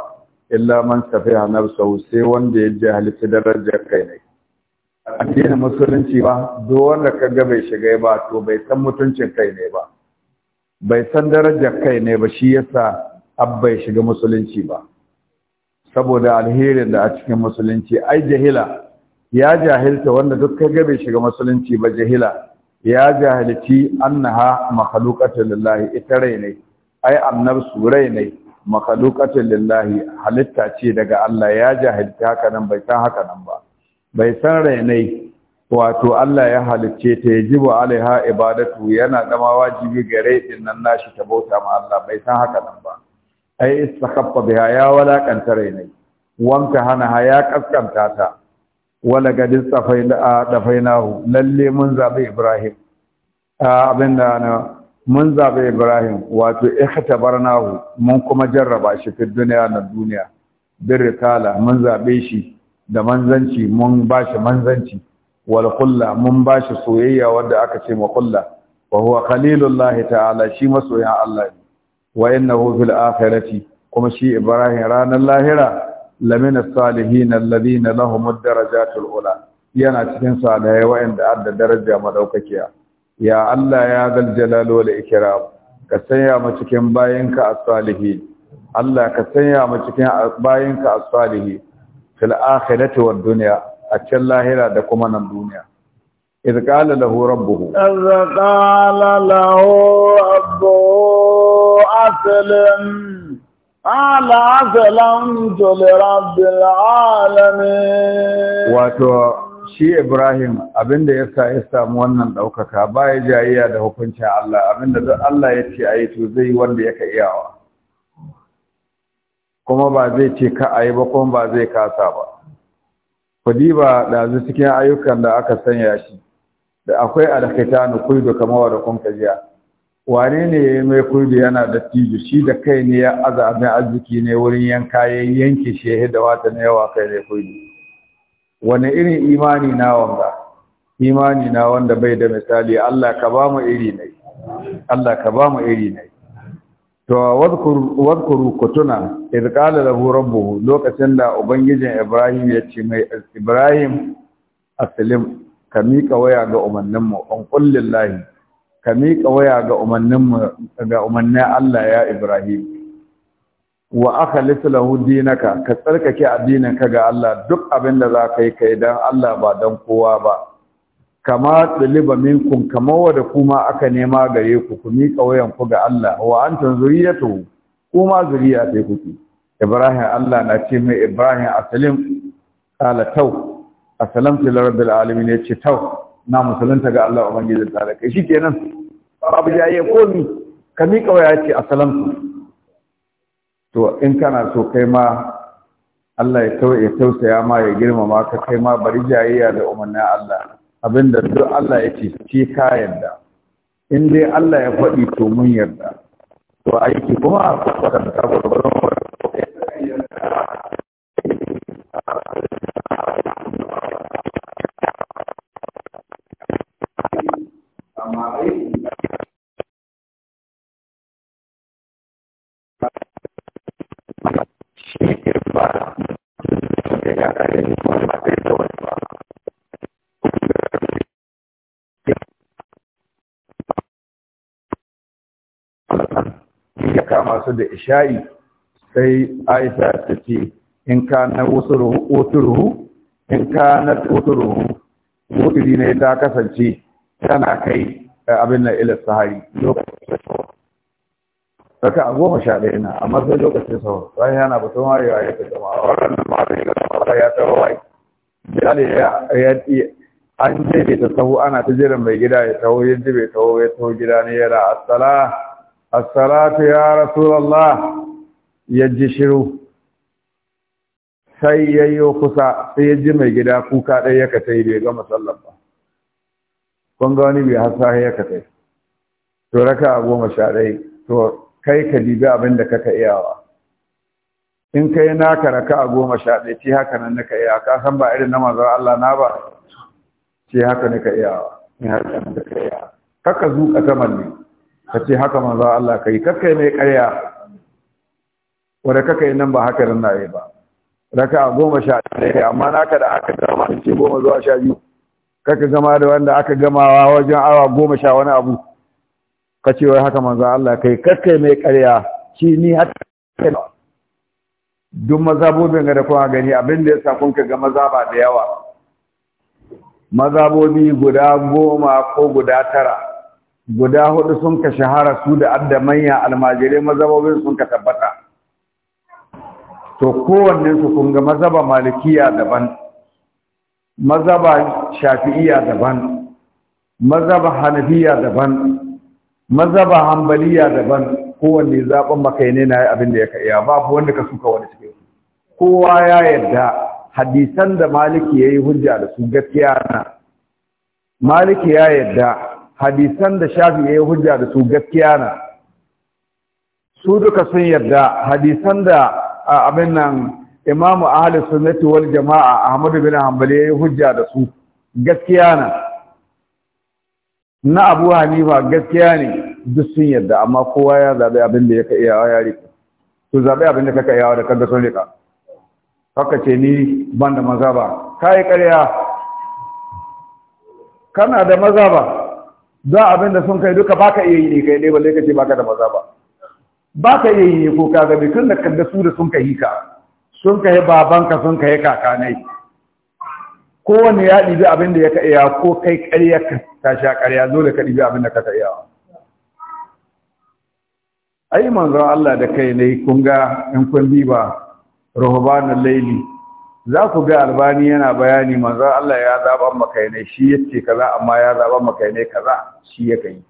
illa man safiha nafsuhu sai wanda ya jahilci darajar kai ne addinin musulunci ba duk wanda ka ga bai shiga ba to bai san mutuncin kai ne ba bai san darajar kai ne ba shi yasa abbai shiga musulunci ba saboda alherin da a cikin musulunci ai jahila ya jahilta wanda duk ka bai shiga musulunci ba jahila ya jahilci annaha makhluqatun lillahi ita rai ne ai annabsu rai ne makhluqatun lillahi halitta ce daga Allah ya jahilta haka nan bai san haka nan ba bai san rai ne wato Allah ya halicce ta yajibu alaiha ibadatu yana zama wajibi gare din nan nashi ta bauta ma Allah bai san haka nan ba ai istakhaffa biha ya walakanta rai ne wanka hana ya kaskanta ta wala da gadis nahu. lalle mun zabe ibrahim abin da na mun zabe ibrahim wato ikhtabarnahu mun kuma jarraba shi fi duniya na duniya bin mun zabe shi da manzanci mun ba shi manzanci wal kulla mun ba shi soyayya wanda aka ce ma kulla wa huwa khalilullahi ta'ala shi masoyan Allah ne wa innahu fil akhirati kuma shi ibrahim ranar lahira lamina salihin alladhina lahum ad-darajatul ula yana cikin salihai wa'anda adda daraja madaukakiya ya Allah ya zal jalal wal ikram ka sanya mu cikin bayinka as-salihin Allah ka sanya mu cikin bayinka as-salihin fil akhirati wad dunya a cikin lahira da kuma nan duniya إذ قال له ربه إذ قال له ربه أسلم Ala Wato, shi Ibrahim abinda ya sa ya samu wannan ɗaukaka baya ya jayayya da hukuncin Allah abinda don Allah ya ce a to zai wanda ya ka iyawa. Kuma ba zai ce ka a ba kuma ba zai kasa ba. Kudi ba zai cikin ayyukan da aka sanya shi, da akwai alkitanu kuidu wa da kun jiya. wane ne mai kurbi yana da tijo shi da kai ne ya aza arziki ne wurin yanka ya yanke shi da wata na yawa kai ne kurbi wani irin imani na wanga imani na wanda bai da misali Allah ka ba mu iri ne Allah ka ba mu iri ne to wadkuru kutuna idh qala lahu rabbuhu lokacin da ubangijin Ibrahim ya ce mai Ibrahim aslim ka mika waya ga umannin mu an kullillahi ka miƙa waya ga umarninmu ga umarnin Allah ya Ibrahim wa akhlis lahu dinaka ka tsarkake ka ga Allah duk abin da za yi kai dan Allah ba dan kowa ba kama daliba minkum kama wada kuma aka nema gare ku ku miƙa wayan ku ga Allah wa antum zuriyatu kuma zuriya sai ki. Ibrahim Allah na ce mai Ibrahim asalim qala tau da lirabbil alamin ce tau na musulunta ga Allah ubangijin tare kai shikenan abu ya yi komi ka miƙa waya ce a salamtu to in kana so kai ma Allah ya tausaya ma ya girmama ka kai ma bari jayayya da umarnin Allah abinda duk Allah ya ce ce ka yarda in dai Allah ya faɗi to mun yarda to aiki kuma a da gwargwaron masu da isha'i sai aisha ta ce in ka na wuturu in ka na wuturu wuturi ne ta kasance tana kai eh, abin na ilis hari lokacin raka a goma sha ɗaya na amma sai lokacin sau bayan yana ba tun wayewa ya fita ma wannan mara ya gama ya tsawo wai ne ya an jebe ta taho ana ta jiran mai gida ya taho ya jibe taho ya taho gida ne yana assala assalatu ya rasulallah ya ji shiru sai ya yi kusa sai ya ji mai gida kuka ɗaya ya yi bai gama sallar ba kun ga wani bai hasa ya katai to raka a goma sha ɗaya to kai ka dibi abin da kaka iyawa in kai naka raka a goma sha ɗaya ce haka nan naka iya ka san ba irin na manzon Allah na ba ce haka naka iyawa in haka nan kai iyawa kaka zuƙa saman ne ka ce haka manzon Allah kai kaka mai ƙarya wanda kaka yi nan ba haka nan na yi ba raka a goma sha ɗaya amma naka da aka gama ce goma zuwa sha biyu kaka zama da wanda aka gamawa wajen awa goma sha wani abu ka ce wai haka manzo Allah kai kakkai mai ƙarya shi ni haka duk mazabobin ga da kuma gani abinda da ya sa kun ga mazaba da yawa mazabobi guda goma ko guda tara guda hudu sun ka shahara su da adda manya almajirai mazabobin sun ka tabbata to kowannensu kun ga mazaba malikiya daban mazaba shafi'iya daban mazaba hanafiya daban mazhaba hanbaliya daban kowanne zaben makaine na yi abin da ya kaiya babu wanda ka suka wani cikin kowa ya yarda hadisan da maliki ya yi hujja da su gaskiya na maliki ya yarda hadisan da shafi ya yi hujja da su gaskiya na su duka sun yarda hadisan da abin nan imamu ahli sunnati wal jama'a ahmadu bin hanbali yi hujja da su gaskiya na na abu hanifa gaskiya ne duk sun yadda amma kowa ya zaɓi abin da ya ka iyawa ya rika to zaɓi abin da ka iyawa da kaga sun rika haka ce ni ban da maza ba ka yi ƙarya kana da maza ba Za abin da sun kai duka ba ka iya yi ne kai ne ba ka ce ba ka da maza ba ba ka iya yi ne ko ka gabe tun da kadda su da sun kai ka sun kai babanka sun kai kakanai kowane ya ɗibi abin da ya ka iya ko kai ƙarya ka ta sha ƙarya dole ka ɗibi abin da ka iya ai manzon Allah da kai ne kun ga in kun diba ruhbanul laili za ku ga albani yana bayani manzon Allah ya zaban makai ne shi yace kaza amma ya zaban makaine ne kaza shi ya kai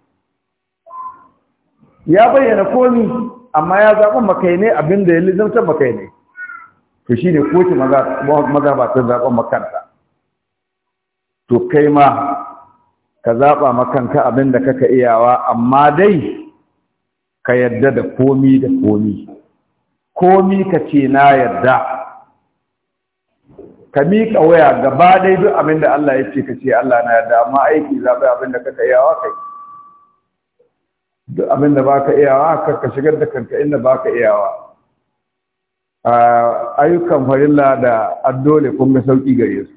ya bayyana komi amma ya zaban makaine abin da ya lizantar makaine ne to shine ko ce maza maza ba ta zaban makanta to kai ma ka zaɓa makanka abin da kaka iyawa amma dai ka yarda da komi da komi komi ka ce na yarda ka miƙa waya gaba dai duk abin da Allah ya ce ka ce Allah na yarda amma aiki zaɓa abin da kaka iyawa kai duk abin da baka iyawa ka shigar da kanka inda baka iyawa ah, ayyukan farilla da addole kun ga sauƙi gare su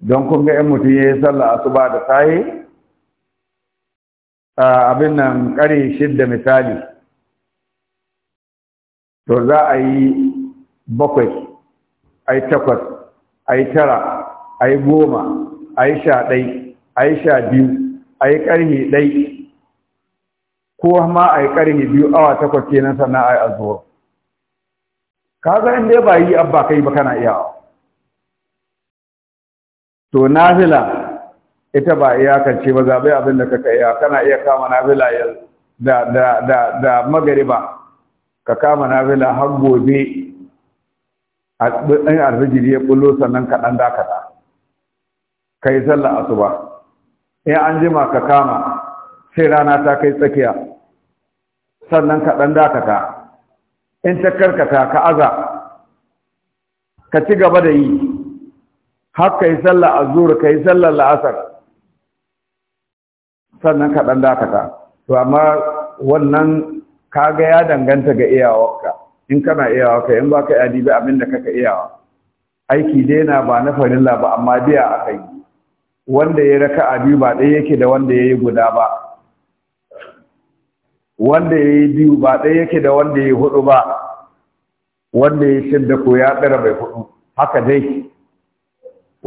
don kun ga 'yan mutum ya yi sallah asuba da sahi abin nan kare shidda misali to za a yi bakwai a yi takwas a yi tara a yi goma a yi sha ɗai a yi sha biyu a yi ƙarni ɗai ko ma a yi ƙarni biyu awa takwas kenan sannan a yi azuwa ka ga inda dai ba yi abba kai ba kana iyawa to nafila ita ba iyakance ba zaɓe abin da kaka iya kana iya kama nafila da da da da magariba ka kama nafila har gobe a ɗan alfijiri ya bullo sannan ka ɗan dakata ka yi sallah asuba in an jima ka kama sai rana ta kai tsakiya sannan ka ɗan dakata in ta karkata ka aza ka ci gaba da yi har kai sallar ka yi sallar la'asar sannan ka ɗan dakata to amma wannan kaga ya danganta ga iyawarka in kana iyawarka in baka iya dibi abin da kaka iyawa aiki dai na ba na farilla ba amma biya a kai. wanda ya raka abi ba ɗaya yake da wanda ya yi guda ba wanda ya yi biyu ba ɗaya yake da wanda ya yi hudu ba wanda ya shidda ko ya ɗara bai hudu haka dai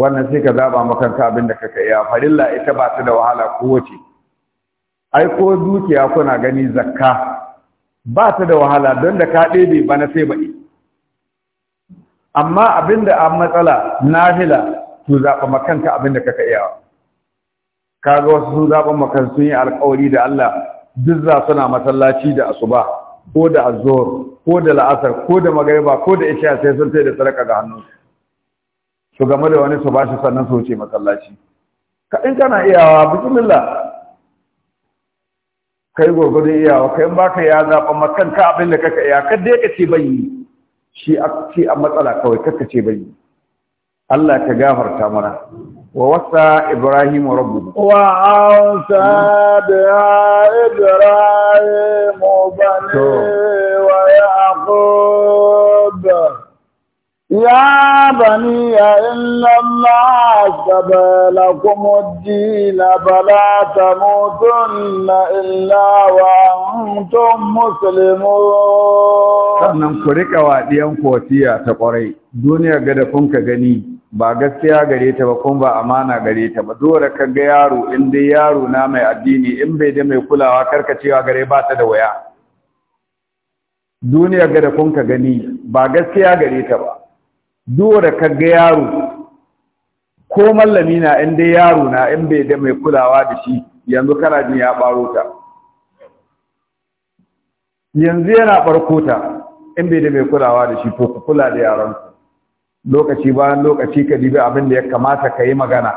wannan sai ka zaba makanka abin da kaka iya farilla ita ba ta da wahala wace ai ko dukiya kuna gani zakka ba ta da wahala don da ka ɗebe ba na sai baɗi amma abin da an matsala nafila to zaɓa makanka abin da kaka iya kaga wasu sun zaɓa makan sun yi alƙawari da Allah duk za suna masallaci da asuba ko da azhar ko da la'asar ko da magariba ko da isha sai sun sai da sarƙa ga hannunsu su game da wani su ba shi sannan su wuce masallaci ka in kana iyawa bismillah kai gurgurin iyawa kai in baka ya zaɓa makan ka abin da kaka iya ka dai ka ce ban yi shi a a matsala kawai kaka ce ban yi Allah ka gafarta mana Wa wasa an sa da وأوصى بها إبراهيم بنيه يا بني إن الله كتب لكم الدين فلا تموتن إلا وأنتم مسلمون sannan ku riƙa waɗiyan kotiya ta ƙwarai duniya ga da kun ka gani ba gaskiya gare ta ba kuma ba amana gare ta ba dole ka ga yaro in dai yaro na mai addini in bai da mai kulawa karka cewa gare ba ta da waya duniya ga da kun ka gani ba gaskiya gare ta ba duwa da ga yaro ko mallami na in dai yaro na in bai da mai kulawa da shi yanzu kana jin ya baro ta yanzu yana barko ta in bai da mai kulawa da shi ko ku kula da yaron lokaci bayan lokaci ka dibi abin da ya kamata ka yi magana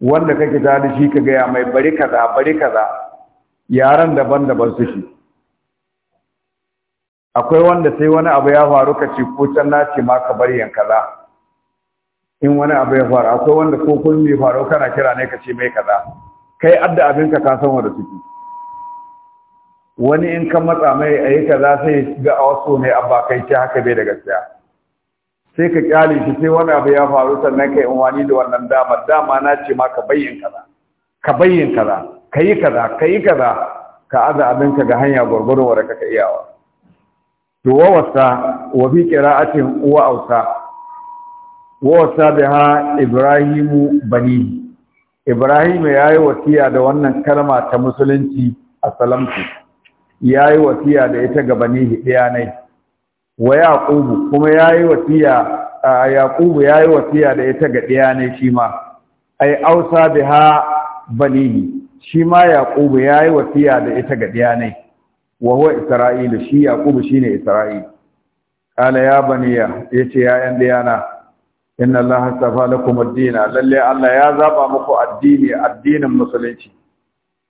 wanda kake ta da shi ka gaya mai bari kaza bari kaza yaran daban-daban su shi akwai wanda sai wani abu ya faru ka ce ko can nace ma ka bari yankaza in wani abu ya faru akwai wanda ko kun bai faru kana kira ne ka ce mai kaza kai adda abin ka san wanda suke wani in ka matsa mai ayi kaza sai ga a wasu ne abba kai ce haka bai da gaskiya sai ka kyale shi sai wani abu ya faru sannan kai in wani da wannan dama dama na ce ma ka bayyin kaza ka bayyin kaza kai kaza kai kaza ka aza abin ka ga hanya gwargwaro wadda kaka iyawa to wawasa wa bi qira'atin wa ausa wawasa biha ibrahimu bani ibrahim yayi wasiya da wannan kalma ta musulunci ya yayi wasiya da ita ga bani diyanai wa yaqubu kuma yayi wasiya yaqubu yayi wasiya da ita ga diyanai shi ma ai ausa biha bani shi ma yaqubu yayi wasiya da ita ga diyanai wa huwa isra'ilu shi yaqubu shine isra'il qala ya baniya yace ya yan diyana inna allaha astafa lakum ad-din lalle allah ya zaba muku addini addinin musulunci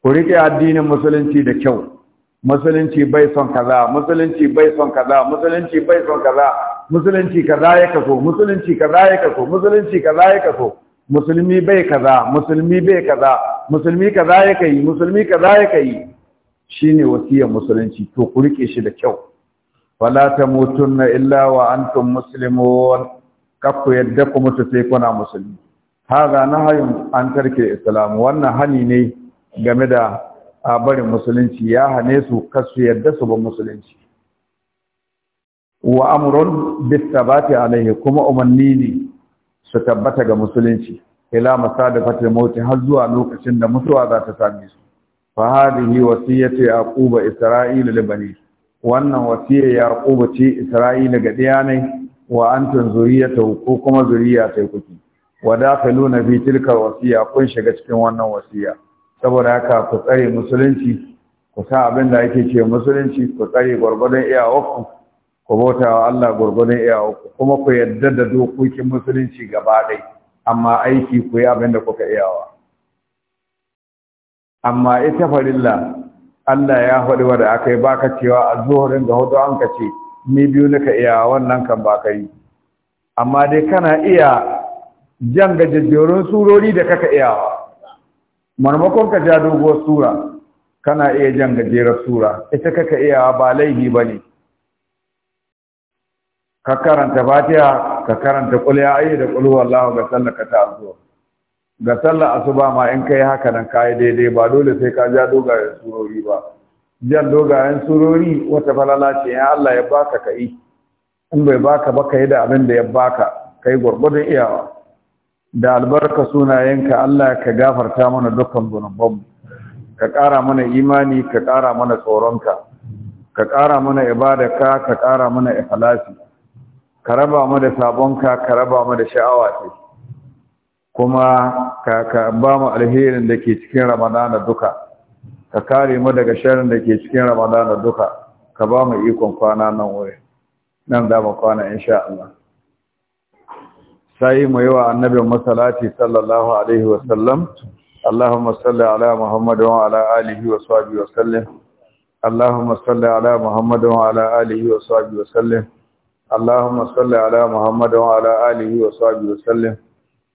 ku rike addinin musulunci da kyau musulunci bai son kaza musulunci bai son kaza musulunci bai son kaza musulunci kaza ya kaso musulunci kaza ya kaso musulunci kaza ya kaso musulmi bai kaza musulmi bai kaza musulmi kaza ya kai musulmi kaza ya kai shine wasiyar musulunci to ku rike shi da kyau fala mutunna illa wa antum muslimun kakku yadda ku mutu sai kuna musulmi haza nahayun an tarke islam wannan hani ne game da a barin musulunci ya hane su kasu yadda su ba musulunci wa amrun bisabati alaihi kuma umanni ne su tabbata ga musulunci ila masadafatil mauti har zuwa lokacin da mutuwa za ta same su fa hadhihi wasiyatu yaquba isra'ila li bani wannan wasiyar yaquba ce isra'ila ga diyanai wa antum zuriyatu ko kuma zuriya ta kuke wa dakhiluna fi tilka wasiya kun shiga cikin wannan wasiya saboda haka ku tsare musulunci ku sa abin da ake ce musulunci ku tsare gwargwadon iyawarku ku bautawa wa Allah gwargwadon iyawarku kuma ku yarda da dokokin musulunci gaba ɗaya amma aiki ku yi abin kuka iyawa amma ita farilla Allah ya faɗi wa da aka yi baka cewa a zuhurin ga hudu an ka ce ni biyu nika iya wannan kan ba ka yi amma dai kana iya jan jajjorin surori da kaka iyawa marmakon ka ja doguwar sura kana iya jan gajerar sura ita kaka iyawa ba laifi ba ne ka karanta fatiha ka karanta kulya ayi da kulhu wallahu ga sallaka ta ga sallar asuba ma in kai haka nan kai daidai ba dole sai ka ja dogayen surori ba jan dogayen surori wata falala ce ya Allah ya baka ka yi in bai baka ba ka da abin da ya baka ka yi gwargwadon iyawa da albarka sunayenka Allah ka gafarta mana dukkan zunubanmu ka ƙara mana imani ka ƙara mana tsoronka ka ƙara mana ibadaka ka ƙara mana ikhlasi ka raba mu da sabonka ka raba mu da sha'awa ce kuma ka ka ba mu alherin da ke cikin ramadana duka ka kare mu daga sharin da ke cikin ramadana duka ka ba mu ikon kwana nan wuri nan za mu kwana insha Allah sai mu yi wa annabin masalati sallallahu alaihi wa sallam اللهم صل على محمد وعلى آله وصحبه وسلم اللهم صل على محمد وعلى آله وصحبه وسلم اللهم صل على محمد وعلى آله وصحبه وسلم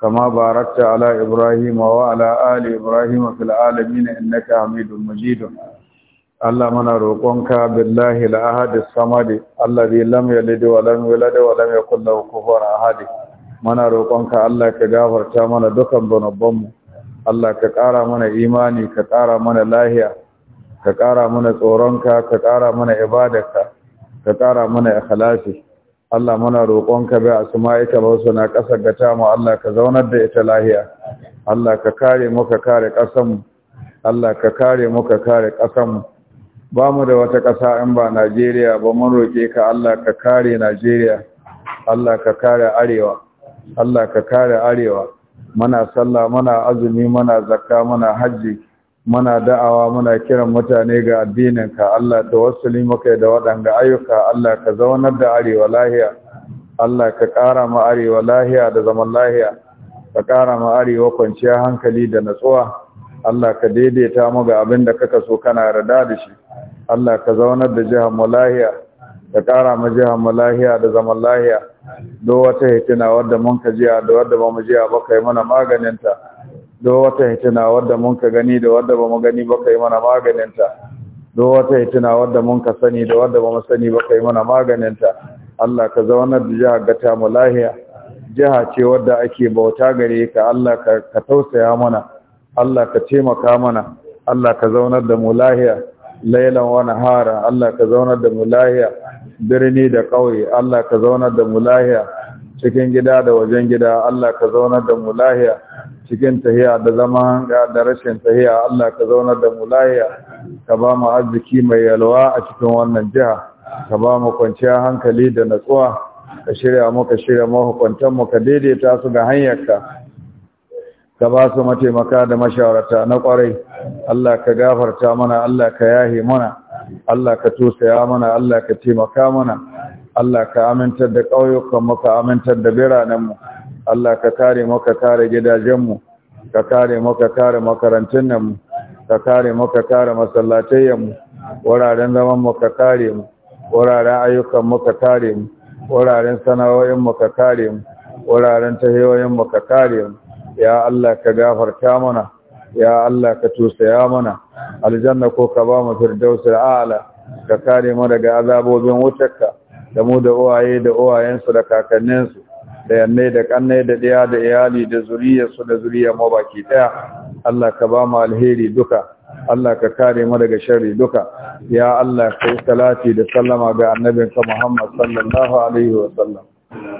كما باركت على إبراهيم وعلى آل إبراهيم في العالمين إنك حميد مجيد اللهم نروقك بالله الأحد الصمد الذي لم يلد ولم يولد ولم يكن له muna roƙonka Allah ka gafarta mana dukan banabbanmu Allah ka ƙara mana imani ka ƙara mana lahiya ka ƙara mana tsoronka ka ƙara mana ibadarka ka ƙara mana ikhlasi Allah muna roƙonka bai asma'ika na ƙasa ga mu Allah ka zaunar da ita lahiya Allah ka kare mu ka kare ƙasarmu Allah ka kare mu ka kare ƙasarmu ba mu da wata ƙasa in ba Najeriya ba mun roƙe ka Allah ka kare Najeriya Allah ka kare arewa Allah ka kare arewa muna sallah muna azumi muna zakka muna hajji muna da'awa muna kiran mutane ga addininka Allah ta wasuli maka da waɗanda ayyuka Allah ka zaunar da arewa lahiya Allah ka ƙara ma arewa lahiya da zaman lahiya ka ƙara ma arewa kwanciya hankali da natsuwa Allah ka daidaita mu ga abin da kaka so kana rada da shi Allah ka zaunar da jihar mu lahiya ka ƙara ma jihar mu lahiya da zaman lahiya duk wata hitina wadda mun ka jiya da wadda ba mu jiya ba kai mana maganinta do wata hitina wadda mun ka gani da wadda ba mu gani ba kai mana maganinta do wata hitina wadda mun ka sani da wadda ba mu sani ba kai mana maganinta Allah ka zaunar da jihar gata mu lahiya jiha ce wadda ake bauta gare ka Allah ka tausaya mana Allah ka taimaka mana Allah ka zaunar da mu lahiya lailan wa nahara Allah ka zaunar da mu lahiya birni da ƙauye Allah ka zaunar da mu lahiya cikin gida da wajen gida Allah ka zaunar da mu lahiya cikin tahiya da zama hanga da rashin tahiya Allah ka zaunar da mu lahiya ka ba mu arziki mai yalwa a cikin wannan jiha ka ba mu kwanciyar hankali da natsuwa ka shirya mu ka shirya mahukuntan mu ka daidaita su ga hanyar ka ba su mataimaka da mashawarta na kwarai Allah ka gafarta mana Allah ka yahi mana Allah ka tusaya mana Allah ka taimaka mana Allah ka amintar da mu ka amintar da biranenmu Allah ka kare mu ka kare gidajenmu ka kare mu ka kare makarantunanmu ka kare mu ka kare mu wuraren zaman mu ka kare mu wuraren ayyukan mu ka kare mu wuraren sana'o'in mu ka kare mu wuraren tahiyoyin mu ka kare mu ya Allah ka gafarta mana ya Allah ka tusaya mana aljanna ko ka ba mu firdausul a'la ka kare mu daga azabobin wutarka da mu da uwaye da uwayensu da kakanninsu da yanne da kanne da ɗaya da iyali da zuriyarsu da zuriyar mu baki ɗaya Allah ka ba mu alheri duka Allah ka kare mu daga sharri duka ya Allah kai salati da sallama ga annabinka Muhammad sallallahu alaihi wa sallam